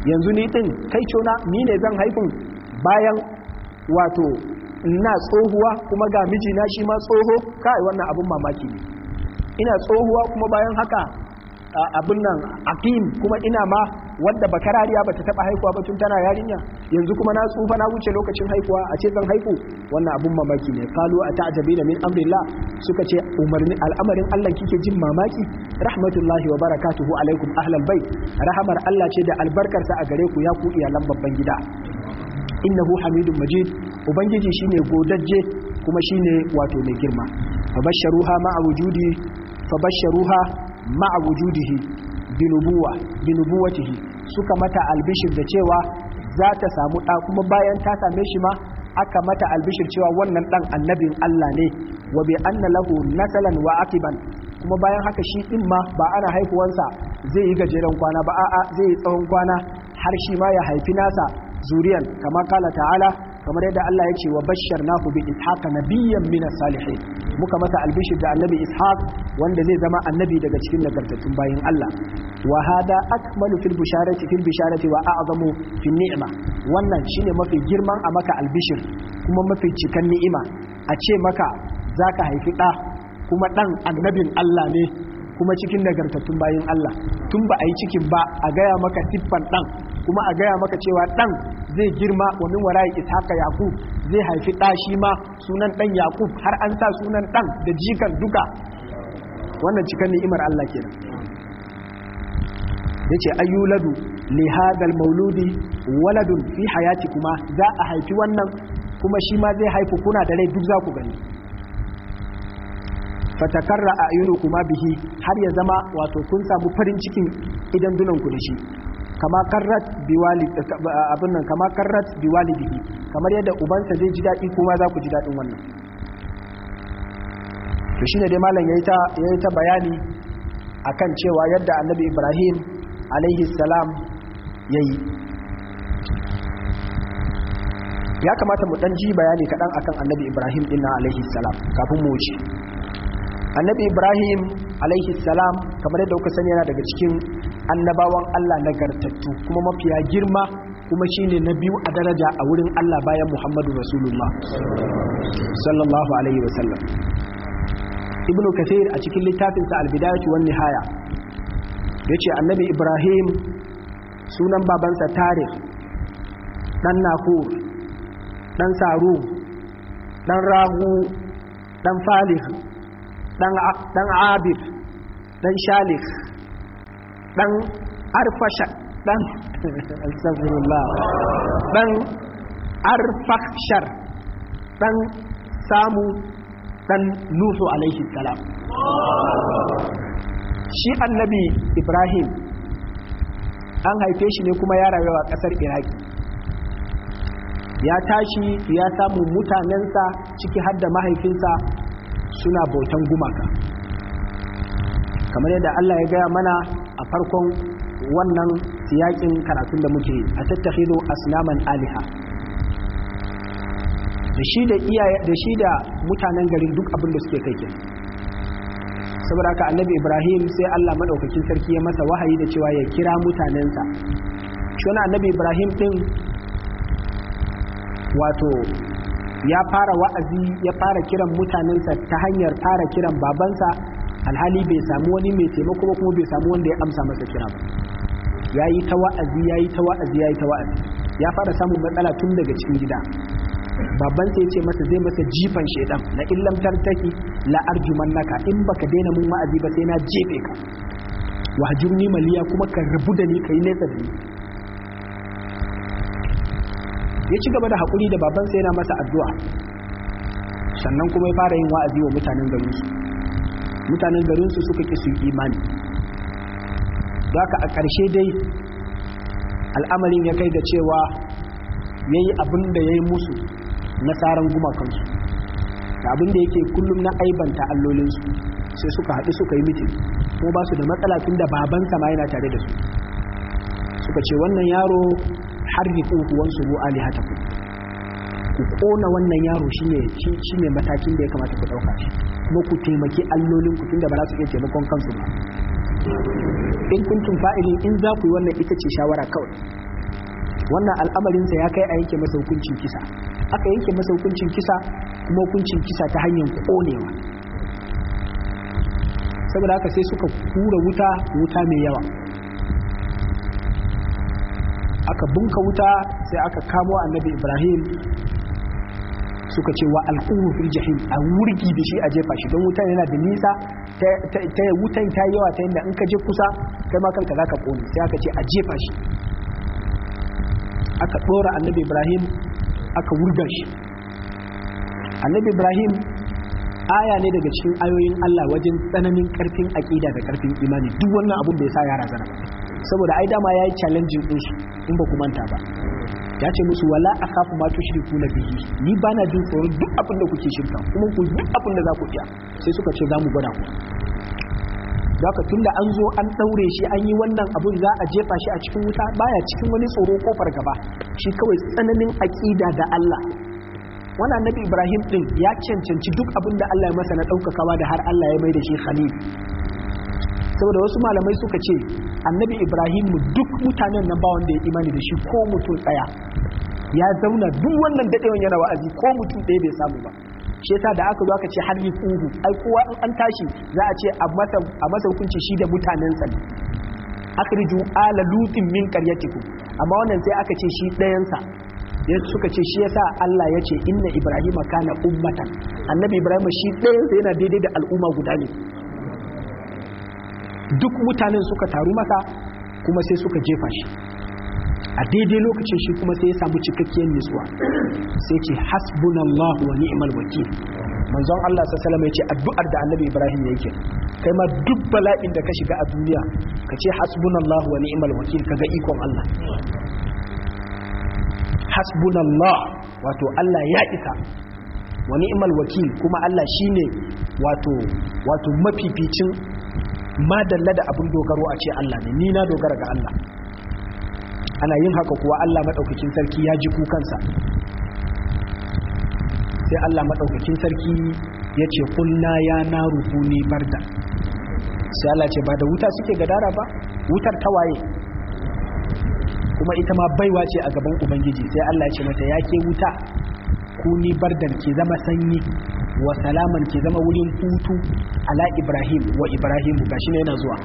yanzu ni din kai cona ni ne zan haifin bayan wato ina tsohuwa kuma ga mijina shi ma tsoho kai wannan abun mamaki ina tsohuwa kuma bayan haka abin nan aqim kuma ina ma wadda bakarariya bata taba haihuwa ba tun tana yarinya yanzu kuma na tsufa na wuce lokacin haihuwa a ce zan haihu wannan abun mamaki ne qalu ata'jabina min amrillah suka ce umarni al'amarin Allah kike jin mamaki rahmatullahi wa barakatuhu alaikum ahlal bait rahamar Allah ce da albarkarsa a gare ku ya ku iyalan babban gida innahu hamidun majid ubangiji shine godajje kuma shine wato mai girma fabasharuha ma wujudi fabasharuha ma'a wujudihi binubuwa binubuwatihi suka mata albishir da cewa za ta samu ɗa kuma bayan ta same shi ma aka mata albishir cewa wannan ɗan annabin Allah ne wa bi anna lahu nasalan wa akiban kuma bayan haka shi in ma ba ana haifuwansa zai yi gajeren kwana ba a'a zai yi tsawon kwana har shi ma ya haifi nasa zuriyan kama kala ta'ala kamar yadda Allah ya ce wa bashar nahu bi ishaqa nabiyyan min salihin muka masa albishir da annabi ishaq wanda zai zama annabi daga cikin nagartattun bayin Allah wa hada akmalu fil bisharati fil bisharati wa a'zamu fil ni'ma wannan shine mafi girman a maka albishir kuma mafi cikan ni'ima a ce maka zaka haifi da kuma dan annabin Allah ne kuma cikin nagartattun bayan Allah tun ba a yi cikin ba a gaya maka siffan ɗan kuma a gaya maka cewa ɗan zai girma wa min wara ishaka yaqub zai haifi ɗashi ma sunan ɗan yakub har an sa sunan ɗan da jikan duka wannan cikin ni'imar Allah ke kenan yace ayyuladu li hadal mauludi waladun fi hayati kuma za a haifi wannan kuma shi ma zai haifi kuna da rai duk za ku gani fatakarra kuma bihi har ya zama wato kun samu farin cikin idan dunanku da shi kama karrat biwali eh, bihi kamar yadda ubansa zai ji daɗi kuma za ku ji daɗin wannan to ne dai malam ya yi ta bayani kan cewa yadda annabi Ibrahim alaihi ya yi. ya kamata mu ɗan ji bayani kaɗan akan annabi Ibrahim ɗin alaihi salam kafin mu wuce annabi ibrahim alaihi salam kamar yadda kuka sani yana daga cikin annabawan allah na nagartattu kuma mafiya girma kuma shine na biyu a daraja a wurin allah bayan muhammadu rasulullah sallallahu alaihi wasallam ibnu kathir a cikin littafinsa albidayatu wan nihaya yace annabi ibrahim sunan babansa tarikh dan nakur dan saru dan ragu dan falih dan abir dan shalif dan arfasha dan (laughs) dan arfashar dan samu dan lutu alaihi salam shi annabi ibrahim an haife shi ne kuma ya rayuwa kasar iraki ya tashi ya samu mutanensa ciki har da mahaifinsa suna bautan gumaka kamar yadda Allah ya gaya mana a farkon wannan siyakin karatun da muke a tattakhidu asnaman aliha da shi da iyaye da shi da mutanen garin duk abin da suke kai ke saboda haka annabi Ibrahim sai Allah madaukakin sarki ya masa wahayi da cewa ya kira mutanensa shi annabi Ibrahim din wato ya fara wa'azi ya fara kiran mutanensa ta hanyar fara kiran babansa alhali bai samu wani mai taimako ba kuma bai samu wanda ya amsa masa kira ba ya yi ta wa'azi ya yi ta wa'azi ya yi ta wa'azi ya fara samun matsala tun daga cikin gida babansa ya ce masa zai masa jifan shaidan na illam tartaki la naka in baka daina mun wa'azi ba sai na jefe ka wahjurni maliya kuma ka rabu da ni kai nesa da ni ya ci gaba da haƙuri da babansa yana masa addu'a sannan kuma ya fara yin wa'azi wa mutanen garinsu mutanen garinsu suka ƙi su imani za ka a ƙarshe dai al'amarin ya kai da cewa ya yi abin da ya yi musu na tsaron gumakansu da abin da yake kullum na aibanta allolinsu sai suka haɗu suka yi mitin kuma ba su da matsala tun da babansa ma yana tare da su suka ce wannan yaro harriquhu wansuru alihatakum ku kona wannan yaro shi ne matakin da ya kamata ku dauka shi kuma ku taimaki allolin ku tunda ba za su iya taimakon kansu ba in tun fa'ilin in za ku yi wannan ita ce shawara kawai wannan al'amarinsa ya kai a yanke masa hukuncin kisa aka yanke masa hukuncin kisa kuma hukuncin kisa ta hanyar konewa saboda haka sai suka kura wuta wuta mai yawa aka bunka wuta sai aka kamo annabi ibrahim suka ce wa al'ummu fil jahim a wurgi da shi a jefa shi don wutan yana da nisa ta wutan ta yawa ta yanda in ka je kusa kai ma kanka zaka kone sai aka ce a jefa shi aka dora annabi ibrahim aka wurga shi annabi ibrahim aya ne daga cikin ayoyin Allah wajen tsananin ƙarfin aƙida da karfin imani duk wannan abun da ya sa yara zara saboda ai dama yayi challenging din shi in ba ku manta ba ya ce musu wala a akhafu ma ku na bihi ni ba na jin tsoron duk abin da kuke shirka kuma ku duk abin da za ku iya sai suka ce za mu gwada ku Zaka tun da an zo an ɗaure shi an yi wannan abun za a jefa shi a cikin wuta baya cikin wani tsoro kofar gaba shi kawai tsananin aƙida da Allah Wana annabi Ibrahim ɗin ya cancanci duk abin da Allah ya masa na daukakawa da har Allah ya mai da shi Khalil saboda wasu malamai suka ce annabi ibrahim duk mutanen nan ba wanda ya imani da shi ko mutum tsaya ya zauna duk wannan daɗewan yana wa'azi ko mutum ɗaya bai samu ba shi yasa da aka zo aka ce har yi tsuhu ai kowa in an tashi za a ce a masa hukunci shi da mutanen sa akhriju ala lutin min qaryatikum amma wannan sai aka ce shi ɗayansa ya suka ce shi yasa Allah ya ce inna ibrahima kana ummatan annabi ibrahima shi ɗayansa yana daidai da al'umma guda ne duk mutanen suka taru masa kuma sai suka jefa shi a daidai lokacin shi kuma sai ya samu cikakkiyar nisuwa sai ce hasbunallahu wa ni'mal wakil manzon Allah sallallahu alaihi wasallam ya ce addu'ar da Annabi Ibrahim yake kai ma duk bala'in da ka shiga a duniya ka ce hasbunallahu wa ni'mal wakil kaga ikon Allah hasbunallahu wato Allah ya isa wa ni'mal wakil kuma Allah shine wato wato mafificin madalla da abin dogaro a ce Allah ne ni na dogara ga Allah ana yin haka kuwa Allah maɗaukakin sarki ya ji kukansa sai Allah maɗaukakin sarki ya ce kunna ya na ni barda sai Allah ce ba da wuta suke gadara ba wutar ta waye. kuma ita ma baiwa ce a gaban ubangiji sai Allah ya ce mata ya ke wuta kuni bardan ke zama sanyi wa salaman ke zama wurin hutu ala ibrahim wa ibrahim shi ne yana zuwa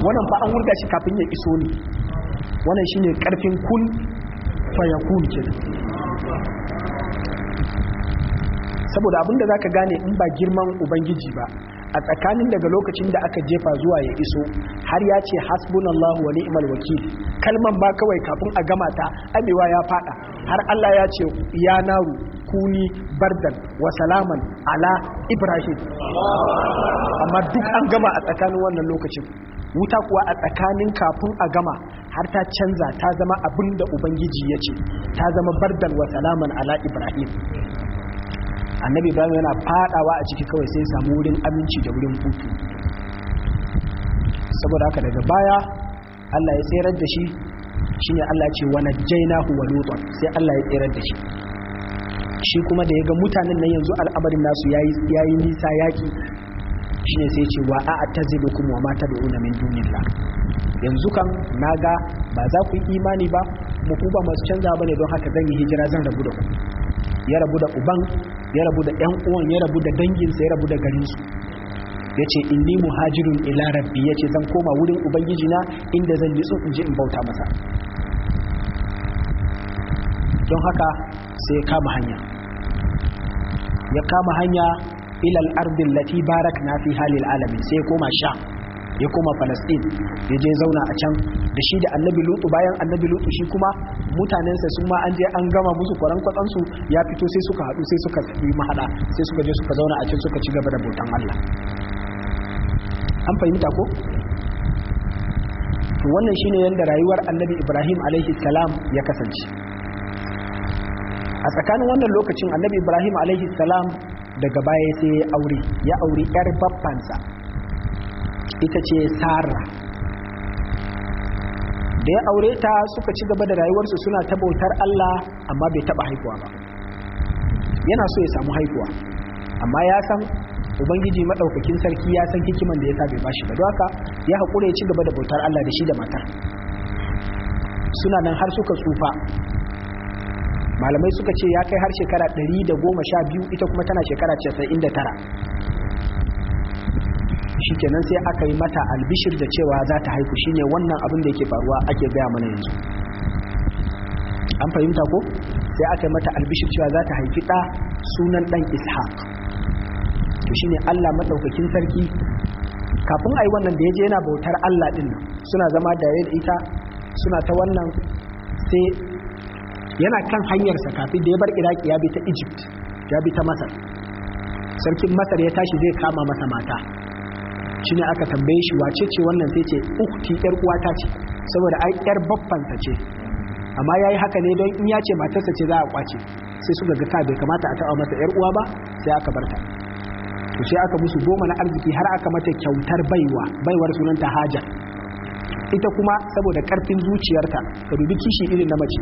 wannan fa an wurga shi kafin ya iso ne wannan shi ne karfin kun fayakun ke saboda abinda ka gane in ba girman ubangiji ba a tsakanin daga lokacin da aka jefa zuwa ya iso har ya ce hasbunallahu wa ni'mal wakil kalman ba kawai kafin a gama ta abewa ya fada har Allah ya ce ya naru kuni bardan wa salaman ala ibrahim amma duk an gama a tsakanin wannan lokacin wuta kuwa a tsakanin kafin a gama har ta canza ta zama abin da ubangiji ya ce ta zama bardan wa salaman ala ibrahim annabi ibrahim yana fadawa a ciki kawai sai samu wurin aminci da wurin hutu saboda haka daga baya Allah ya tserar da shi shi ne Allah ya ce wa najjaynahu wa lutan sai Allah ya tserar da shi shi kuma da ya ga mutanen na yanzu al'amarin nasu ya yi nisa yaki ne sai ce wa a'tazilukum wa da una min dunillah yanzu kan ga ba za ku yi imani ba mu ku ba masu canza ba ne don haka zan yi hijira zan rabu da ku ya rabu da uban ya rabu da ɗan uwan ya rabu da danginsa ya rabu da garinsu ya ce inni muhajirun ila rabbi ya ce zan koma wurin ubangiji na inda zan nitsu in je in bauta masa don haka sai ya kama hanya ya kama hanya ilal ardin lati barak na fi halil alamin sai ya koma sha ya koma Palestine ya je zauna a can da shi da annabi lutu bayan annabi lutu shi kuma mutanensa sun ma an je an gama musu kwaran kwatsansu ya fito sai suka haɗu sai suka yi mahaɗa sai suka je suka zauna a can suka ci gaba da bautan Allah an fahimta ko wannan shine yadda rayuwar annabi Ibrahim alaihi salam ya kasance a tsakanin wannan lokacin annabi Ibrahim alaihi salam daga baya sai ya aure ya aure yar babbansa ita ce sara da ya aure ta suka ci gaba da rayuwarsu suna ta bautar Allah amma bai taba haihuwa ba yana so ya samu haihuwa amma ya san ubangiji madaukakin sarki ya san hikiman da ya sa bai bashi ba don haka ya haƙura ya ci gaba da bautar Allah da shi da matar suna nan har suka tsufa malamai suka ce ya kai har shekara 112 ita kuma tana shekara 99 kenan sai aka yi mata albishir da cewa za ta haihu shine wannan abin da yake faruwa ake gaya mana yanzu an fahimta ko sai aka yi mata albishir cewa za ta haifi ɗa sunan ɗan ishaq to shine allah maɗaukakin sarki kafin a yi wannan da ya je yana bautar allah ɗin suna zama da ita suna ta wannan sai yana kan hanyarsa kafin da ya bar iraki ya bi ta egypt ya bi ta masar sarkin masar ya tashi zai kama masa mata shine aka tambaye shi wace ce wannan sai ce ukti yar uwata ce saboda ai yar babbanta ce amma yayi haka ne don in ya ce matarsa ce za a kwace sai suka ga bai kamata a taba mata yar uwa ba sai aka barta to sai aka musu goma na arziki har aka mata kyautar baiwa baiwar sunanta haja ita kuma saboda karfin zuciyarta ka dubi kishi irin na mace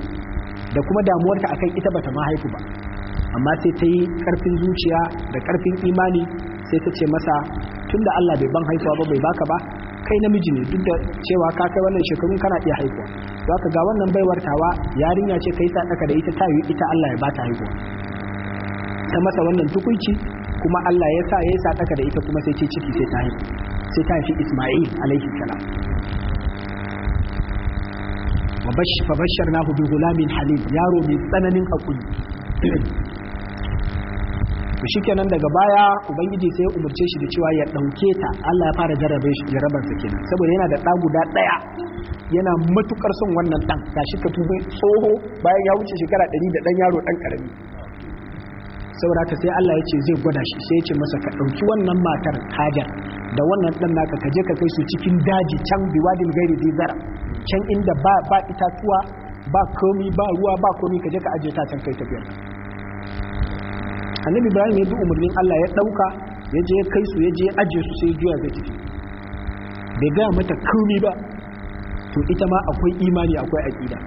da kuma damuwarta akan ita bata ma ba amma sai ta yi karfin zuciya da karfin imani sai ta ce masa Tun da Allah bai ban haifuwa ba bai baka ba kai namiji ne duk da cewa ka kai wannan shekarun kana iya haifuwa to ka ga wannan baiwar tawa yarinya ce kai sa daka da ita ta yi ita Allah ya bata haihuwa ta masa wannan tukunci kuma Allah ya sa ya sa daka da ita kuma sai ce ciki sai ta haifu sai ta haifi Isma'il alaihi salam wa bashar nahu bi gulamin halim yaro mai tsananin hakuri to shikenan daga baya ubangiji sai ya umurce shi da cewa ya dauke ta Allah ya fara jarabe shi jarabar sa kenan saboda yana da da guda daya yana matukar son wannan dan gashi ka tuba tsoho bayan ya wuce shekara 100 da dan yaro dan karami saboda haka sai Allah ya ce zai gwada shi sai ya ce masa ka dauki wannan matar Hajar da wannan dan naka ka je ka kai su cikin daji can biwadin gairi zara, can inda ba ba itatuwa ba komi ba ruwa ba komi ka je ka aje ta can kai tafiyar annabi ibrahim ya bi umarnin allah ya ɗauka ya je ya kai su ya je ya ajiye su sai juya zai tafi bai gaya mata kauni ba to ita ma akwai imani akwai aƙida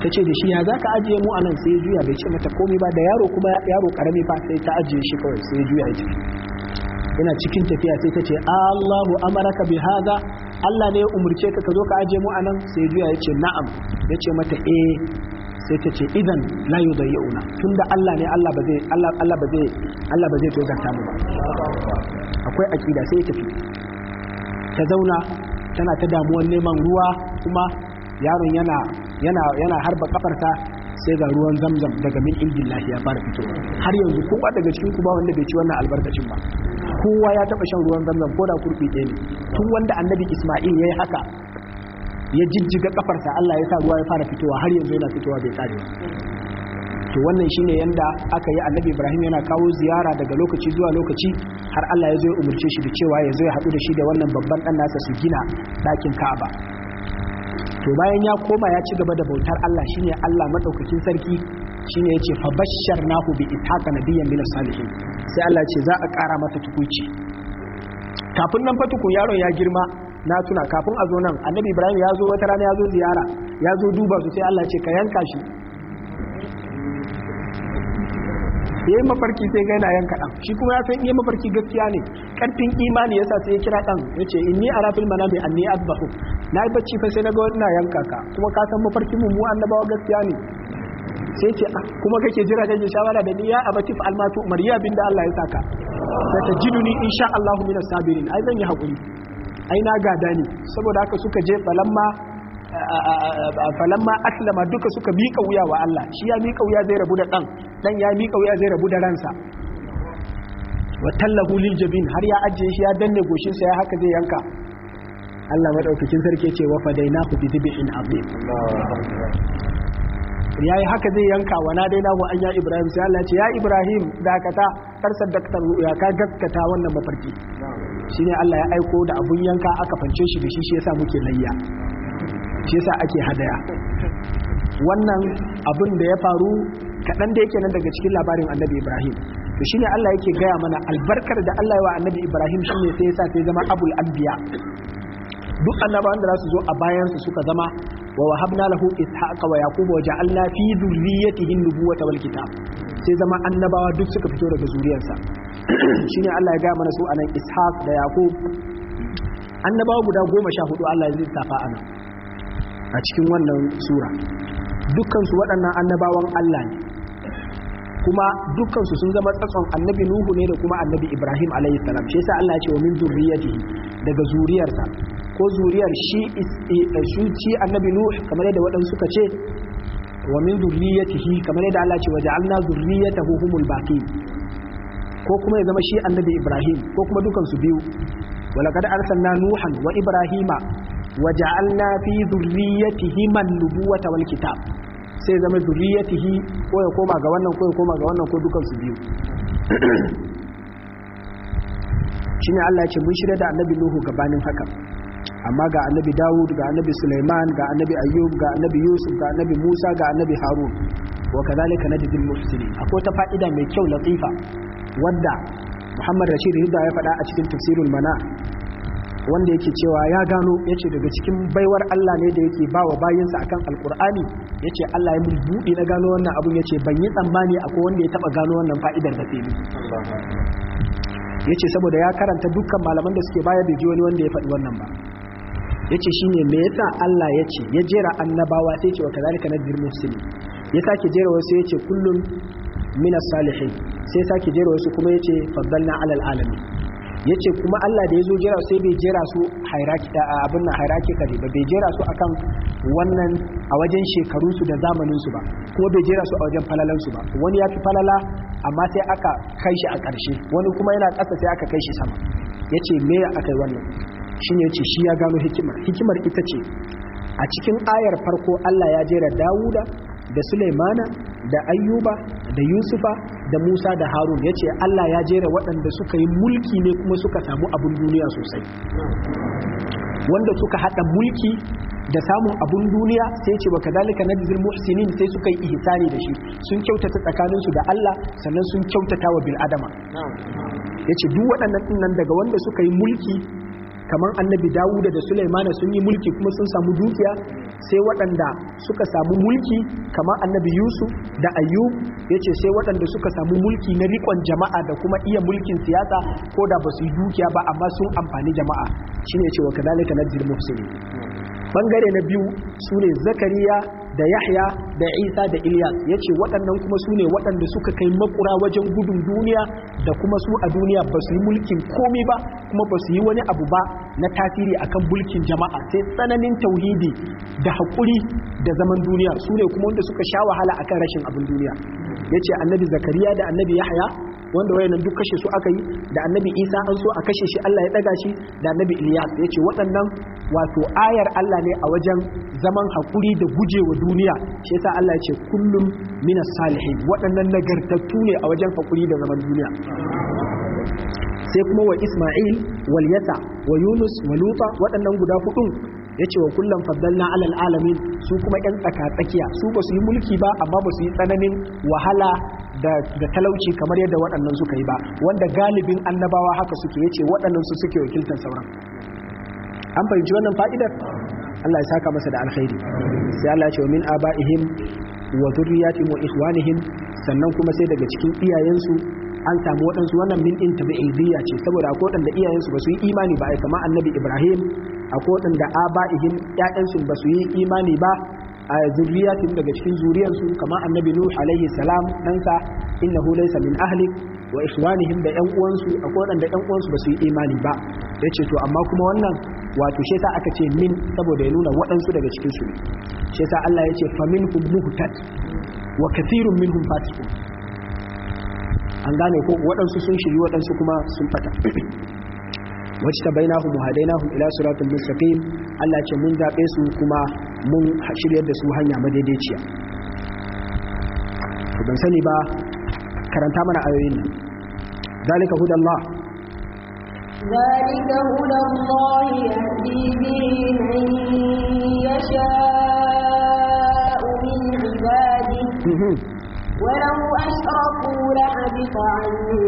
ta ce da shi ya za ka ajiye mu anan sai juya bai ce mata komi ba da yaro kuma yaro karami fa sai ta ajiye shi kawai sai juya ya tafi yana cikin tafiya sai ta ce allahu amaraka bi hada allah ne ya umarce ka ka zo ka ajiye mu anan sai juya ya ce na'am ya ce mata eh sai ta ce idan la yudayyuna tunda tun da Allah ne Allah ba zai Allah ba zai tozarta mu ba akwai akida sai tafi ta zauna tana ta damuwar neman ruwa kuma yaron yana harba kafarta sai ga ruwan zamzam daga min indillahi ya fara fito har yanzu kowa daga cikin ku ba wanda bai ci wannan albarkacin ba kowa ya taba shan ruwan zamzam ko da kurfi ɗaya ne tun wanda annabi isma'il ya yi haka ya jijjiga kafarsa Allah ya sa ruwa ya fara fitowa har yanzu yana fitowa bai kare to wannan shine yanda aka yi annabi Ibrahim yana kawo ziyara daga lokaci zuwa lokaci har Allah ya zo ya umurce shi da cewa ya zo ya haɗu da shi da wannan babban ɗan nasa su gina ɗakin Ka'aba to bayan ya koma ya ci gaba da bautar Allah shine Allah madaukakin sarki shine yace fa basharnahu bi ithaqa nabiyyan min salihin sai Allah ce za a ƙara masa tukuci kafin nan fa tukun yaron ya girma na tuna kafin a zo nan annabi ibrahim ya zo wata rana ya zo ziyara ya zo duba su sai allah ce ka yanka shi yayi mafarki sai ga yana yanka dan shi kuma ya san mafarki gaskiya ne karfin imani yasa sai ya kira dan yace inni ara fil manami anni azbahu na yi bacci fa sai na ga wani ina yanka ka kuma ka san mafarki mu mu annabawa gaskiya ne sai ce ah, kuma kake jira kake shawara da ni ya abati fa almatu mariya Binda, Allah ya saka ta jiduni insha Allah minas sabirin ai zan yi hakuri ai na gada ne saboda haka suka je falamma aslama duka suka miƙa wuya wa Allah shi ya miƙa wuya zai rabu da ɗan ɗan ya miƙa wuya zai rabu da ransa wa tallahu lil jabin har ya ajiye shi ya danne goshin sa ya haka zai yanka Allah madaukakin sarki ce wa fadainahu bi dhibhin azim yayi haka zai yanka wa na dai nahu an ya Ibrahim sai Allah ya ce ya Ibrahim dakata kar daktar ya ka gaskata wannan mafarki ne Allah ya aiko da abun yanka aka fance shi da shi shi yasa muke layya shi yasa ake hadaya wannan abun da ya faru kaɗan da yake nan daga cikin labarin annabi ibrahim to ne Allah yake gaya mana albarkar da Allah ya wa annabi ibrahim ne sai yasa sai zama abul anbiya duk annabawan da za su zo a bayansu suka zama wa wahabna lahu ishaqa wa yaquba wa ja'alna fi dhurriyyatihi an-nubuwata wal kitab sai zama annabawa duk suka fito daga zuriyarsa (coughs) ne Allah ya ga mana su anan Ishaq da Yaqub annabawa guda goma sha hudu Allah ya lissafa nan a cikin wannan sura Dukkansu waɗannan annabawan Allah ne kuma dukkansu sun zama tsatson annabi Nuhu ne da kuma annabi Ibrahim alayhi salam shi yasa Allah ya ce wa min zurriyatihi daga zuriyarsa ko zuriyar shi eh, shi annabi Nuhu kamar yadda waɗansu suka ce wa min zurriyatihi kamar yadda Allah ce waja'alna zurriyatahu humul baqin ko kuma ya zama shi annabi ibrahim ko kuma su biyu walaqad arsalna nuhan wa ibrahima wa ja'alna fi dhurriyyatihima an-nubuwata wal kitab sai zama dhurriyyatihi ko ya koma ga wannan ko ya koma ga wannan ko su biyu (clears throat) shine Allah ya ce mun shirya da annabi nuhu gabanin haka amma ga annabi dawud ga annabi Sulaiman, ga annabi ayyub ga annabi yusuf ga annabi musa ga annabi harun wa kadhalika najidul muhsinin akwai ta fa'ida mai kyau latifa wadda muhammad rashid hidda ya faɗa a cikin tafsirul mana wanda yake cewa ya gano ya ce daga cikin baiwar Allah ne da yake ba wa bayinsa akan alkur'ani ya ce Allah ya buɗe na gano wannan abun ya ce ban yi tsammani akwai wanda ya taba gano wannan fa'idar da fili ya ce saboda ya karanta dukkan malaman da suke bayar da ji wanda ya faɗi wannan ba ya ce shi ne me yasa Allah ya ce ya jera annabawa sai ce wa kazalika na dirmursili ya sake jera wasu ya ce kullum min salihin sai sake jera wasu kuma yace faddalna alal alamin yace kuma Allah da ya zo jera sai bai jera su hierarchy da abin nan hairaki kare ba bai jera su akan wannan a wajen shekaru su da zamanin su ba ko bai jera su a wajen falalan su ba wani ya fi falala amma sai aka kai shi a ƙarshe wani kuma yana ƙasa sai aka kai shi sama yace me aka yi wannan ne yace shi ya gano hikimar hikimar ita ce a cikin ayar farko Allah ya jera Dawuda da Sulaimana da Ayyuba da Yusufa da Musa da Harun yace Allah ya jera waɗanda suka yi mulki ne kuma suka samu abun duniya sosai wanda suka hada mulki da samun abun duniya sai ce dalika na dizil muhsinin sai suka yi ihsani da shi sun kyautata tsakanin su da Allah sannan sun kyautata wa bil adama yace duk waɗannan dinnan daga wanda suka yi mulki kamar annabi Dawuda da Sulaimana sun yi mulki kuma sun samu dukiya sai waɗanda suka samu mulki kamar annabi yusuf da ayyub ya ce sai waɗanda suka samu mulki na rikon jama'a da kuma iya mulkin siyasa ko da ba su yi dukiya ba amma sun amfani jama'a shine cewa kadalika na muhsinin bangare na biyu su ne zakariya da Yahya da Isa da Ilyas ce waɗannan kuma su ne waɗanda suka kai makura wajen gudun duniya da kuma su a duniya ba su yi mulkin komi ba kuma ba su yi wani abu ba na tasiri akan mulkin jama'a sai tsananin tauhidi da haƙuri da zaman duniya su ne kuma wanda suka sha wahala akan rashin abin duniya ya ce annabi zakariya da annabi yahya wanda wayannan duk kashe su aka yi da annabi isa an so a kashe shi Allah ya daga shi da annabi Ya ce waɗannan wato ayar Allah ne a wajen zaman hakuri da guje wa duniya shi yasa Allah ya ce kullum mina salihin waɗannan nagartattu ne a wajen hakuri da zaman duniya sai kuma wa Ismail wal Yasa wa Yunus wa Luta waɗannan guda hudun yace wa kullum faddalna alal alamin su kuma yan tsaka tsakiya su ba su yi mulki ba amma ba su yi tsananin wahala da talauci kamar yadda waɗannan suka yi ba wanda galibin annabawa haka suke ya ce waɗannan su suke wakiltar sauran an fahimci wannan fa'idar Allah ya saka masa da alkhairi sai Allah ya ce min aba'ihim wa dhurriyyatihim wa ikhwanihim sannan kuma sai daga cikin iyayensu an samu waɗansu wannan min ɗin tabi'idiyya ce saboda akwai waɗanda iyayensu ba su yi imani ba ai kama annabi ibrahim akwai waɗanda da ƴaƴansu ba su yi imani ba a tun daga cikin zuriyarsu kama annabi nuh alayhi salam ɗansa innahu laysa min ahlik wa ikhwanihim da ƴan uwansu akwai waɗanda ƴan uwansu ba su yi imani ba yace to amma kuma wannan wato shi yasa aka ce min saboda ya nuna waɗansu daga cikin su ne shi yasa Allah yace faminhum muhtad wa kathirun minhum fasiqun an gane ko waɗansu sun shiri waɗansu kuma sun fata wacce ta baina hu muhadaina hu ila suratul mustaqim Allah ce mun zabe su kuma mun shiryar da su hanya madaidaiciya to ban sani ba karanta mana ayoyin nan zalika hudallah ذلك هدى الله يهدي به من يشاء من عباده ولو أشركوا لحبط عنهم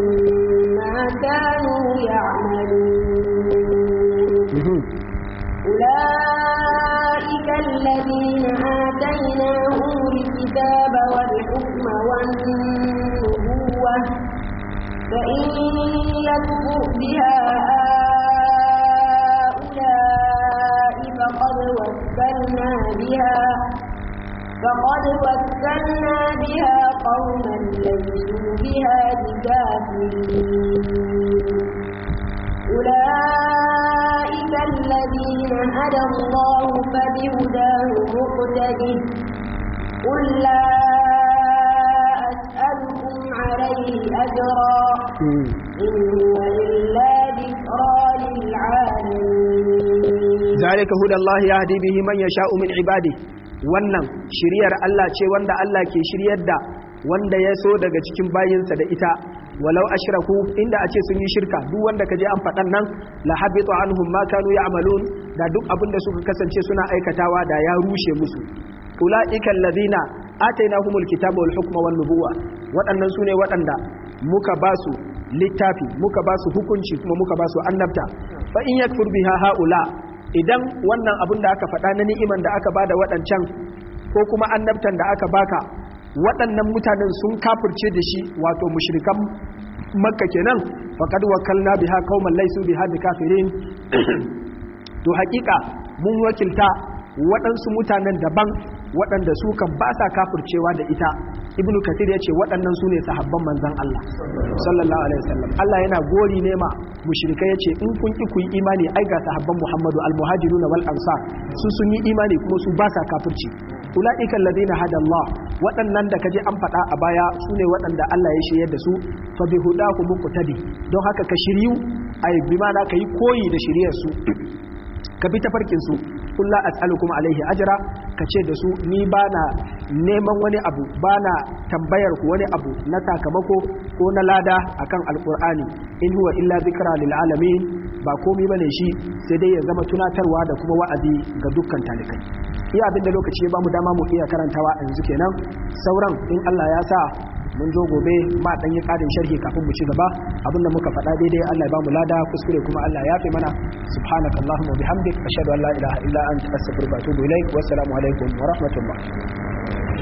ما كانوا يعملون أولئك الذين آتيناهم الكتاب والحكم والنبوة فإن يكفر بها هؤلاء فقد وكلنا بها فقد وكلنا بها قوما ليسوا بها بكافرين أولئك الذين هدى الله فبهداه مقتدر قل لا أسألكم عليه أجرا إن هو إلا ذكرى للعالمين ذلك هدى الله يهدي به من يشاء من عباده wannan shiryar Allah ce wanda Allah ke shiryar da wanda ya so daga cikin bayinsa da ita walau ashraku inda a ce sun yi shirka duk wanda ka je an faɗan nan la habitu anhum ma kanu ya'malun da duk abinda suka kasance suna aikatawa da ya rushe musu ulaika alladhina atainahumul kitaba wal hukma wan nubuwa waɗannan sune waɗanda muka ba su littafi muka ba su hukunci kuma muka ba su annabta fa in yakfur biha haula idan wannan abin da aka faɗa na ni'iman da aka bada waɗancan ko kuma annabtan da aka baka waɗannan mutanen sun kafirce da shi wato mushrikan makka kenan faqad wakalna biha qauman laysu biha kafirin to haƙiƙa mun wakilta waɗansu mutanen daban waɗanda su kan ba sa kafircewa da ita ibnu kathir ya ce waɗannan su ne sahabban manzan Allah sallallahu alaihi wasallam Allah yana gori nema ma mushrika ya ce in kun ki ku yi imani ai ga sahabban Muhammadu almuhajiruna wal ansar su sun yi imani kuma su ba sa kafirci ulaika alladhina hada Allah waɗannan da kaje an faɗa a baya su ne waɗanda Allah ya shirya da su fa bi hudakum muqtadi don haka ka shiryu ai bi ma ka yi koyi da shiryar su ka bi tafarkin su kullu as'alukum alaihi ajra ka ce da su ni bana neman wani abu bana tambayar ku wani abu na sakamako ko na lada akan alqur'ani in huwa illa zikra lil alamin ba komai bane shi sai dai ya zama tunatarwa da kuma wa'azi ga dukkan talikai iya abin lokaci ba mu dama mu iya karantawa yanzu kenan sauran in Allah ya sa mun zo gobe ma dan yi karin sharhi kafin mu ci gaba abinda muka faɗa daidai Allah ya ba mu lada kuskure kuma Allah ya fi mana subhanakallahumma bihamdik ashhadu an la ilaha illa anta astaghfiruka wa atubu ilaik wa assalamu alaikum wa rahmatullah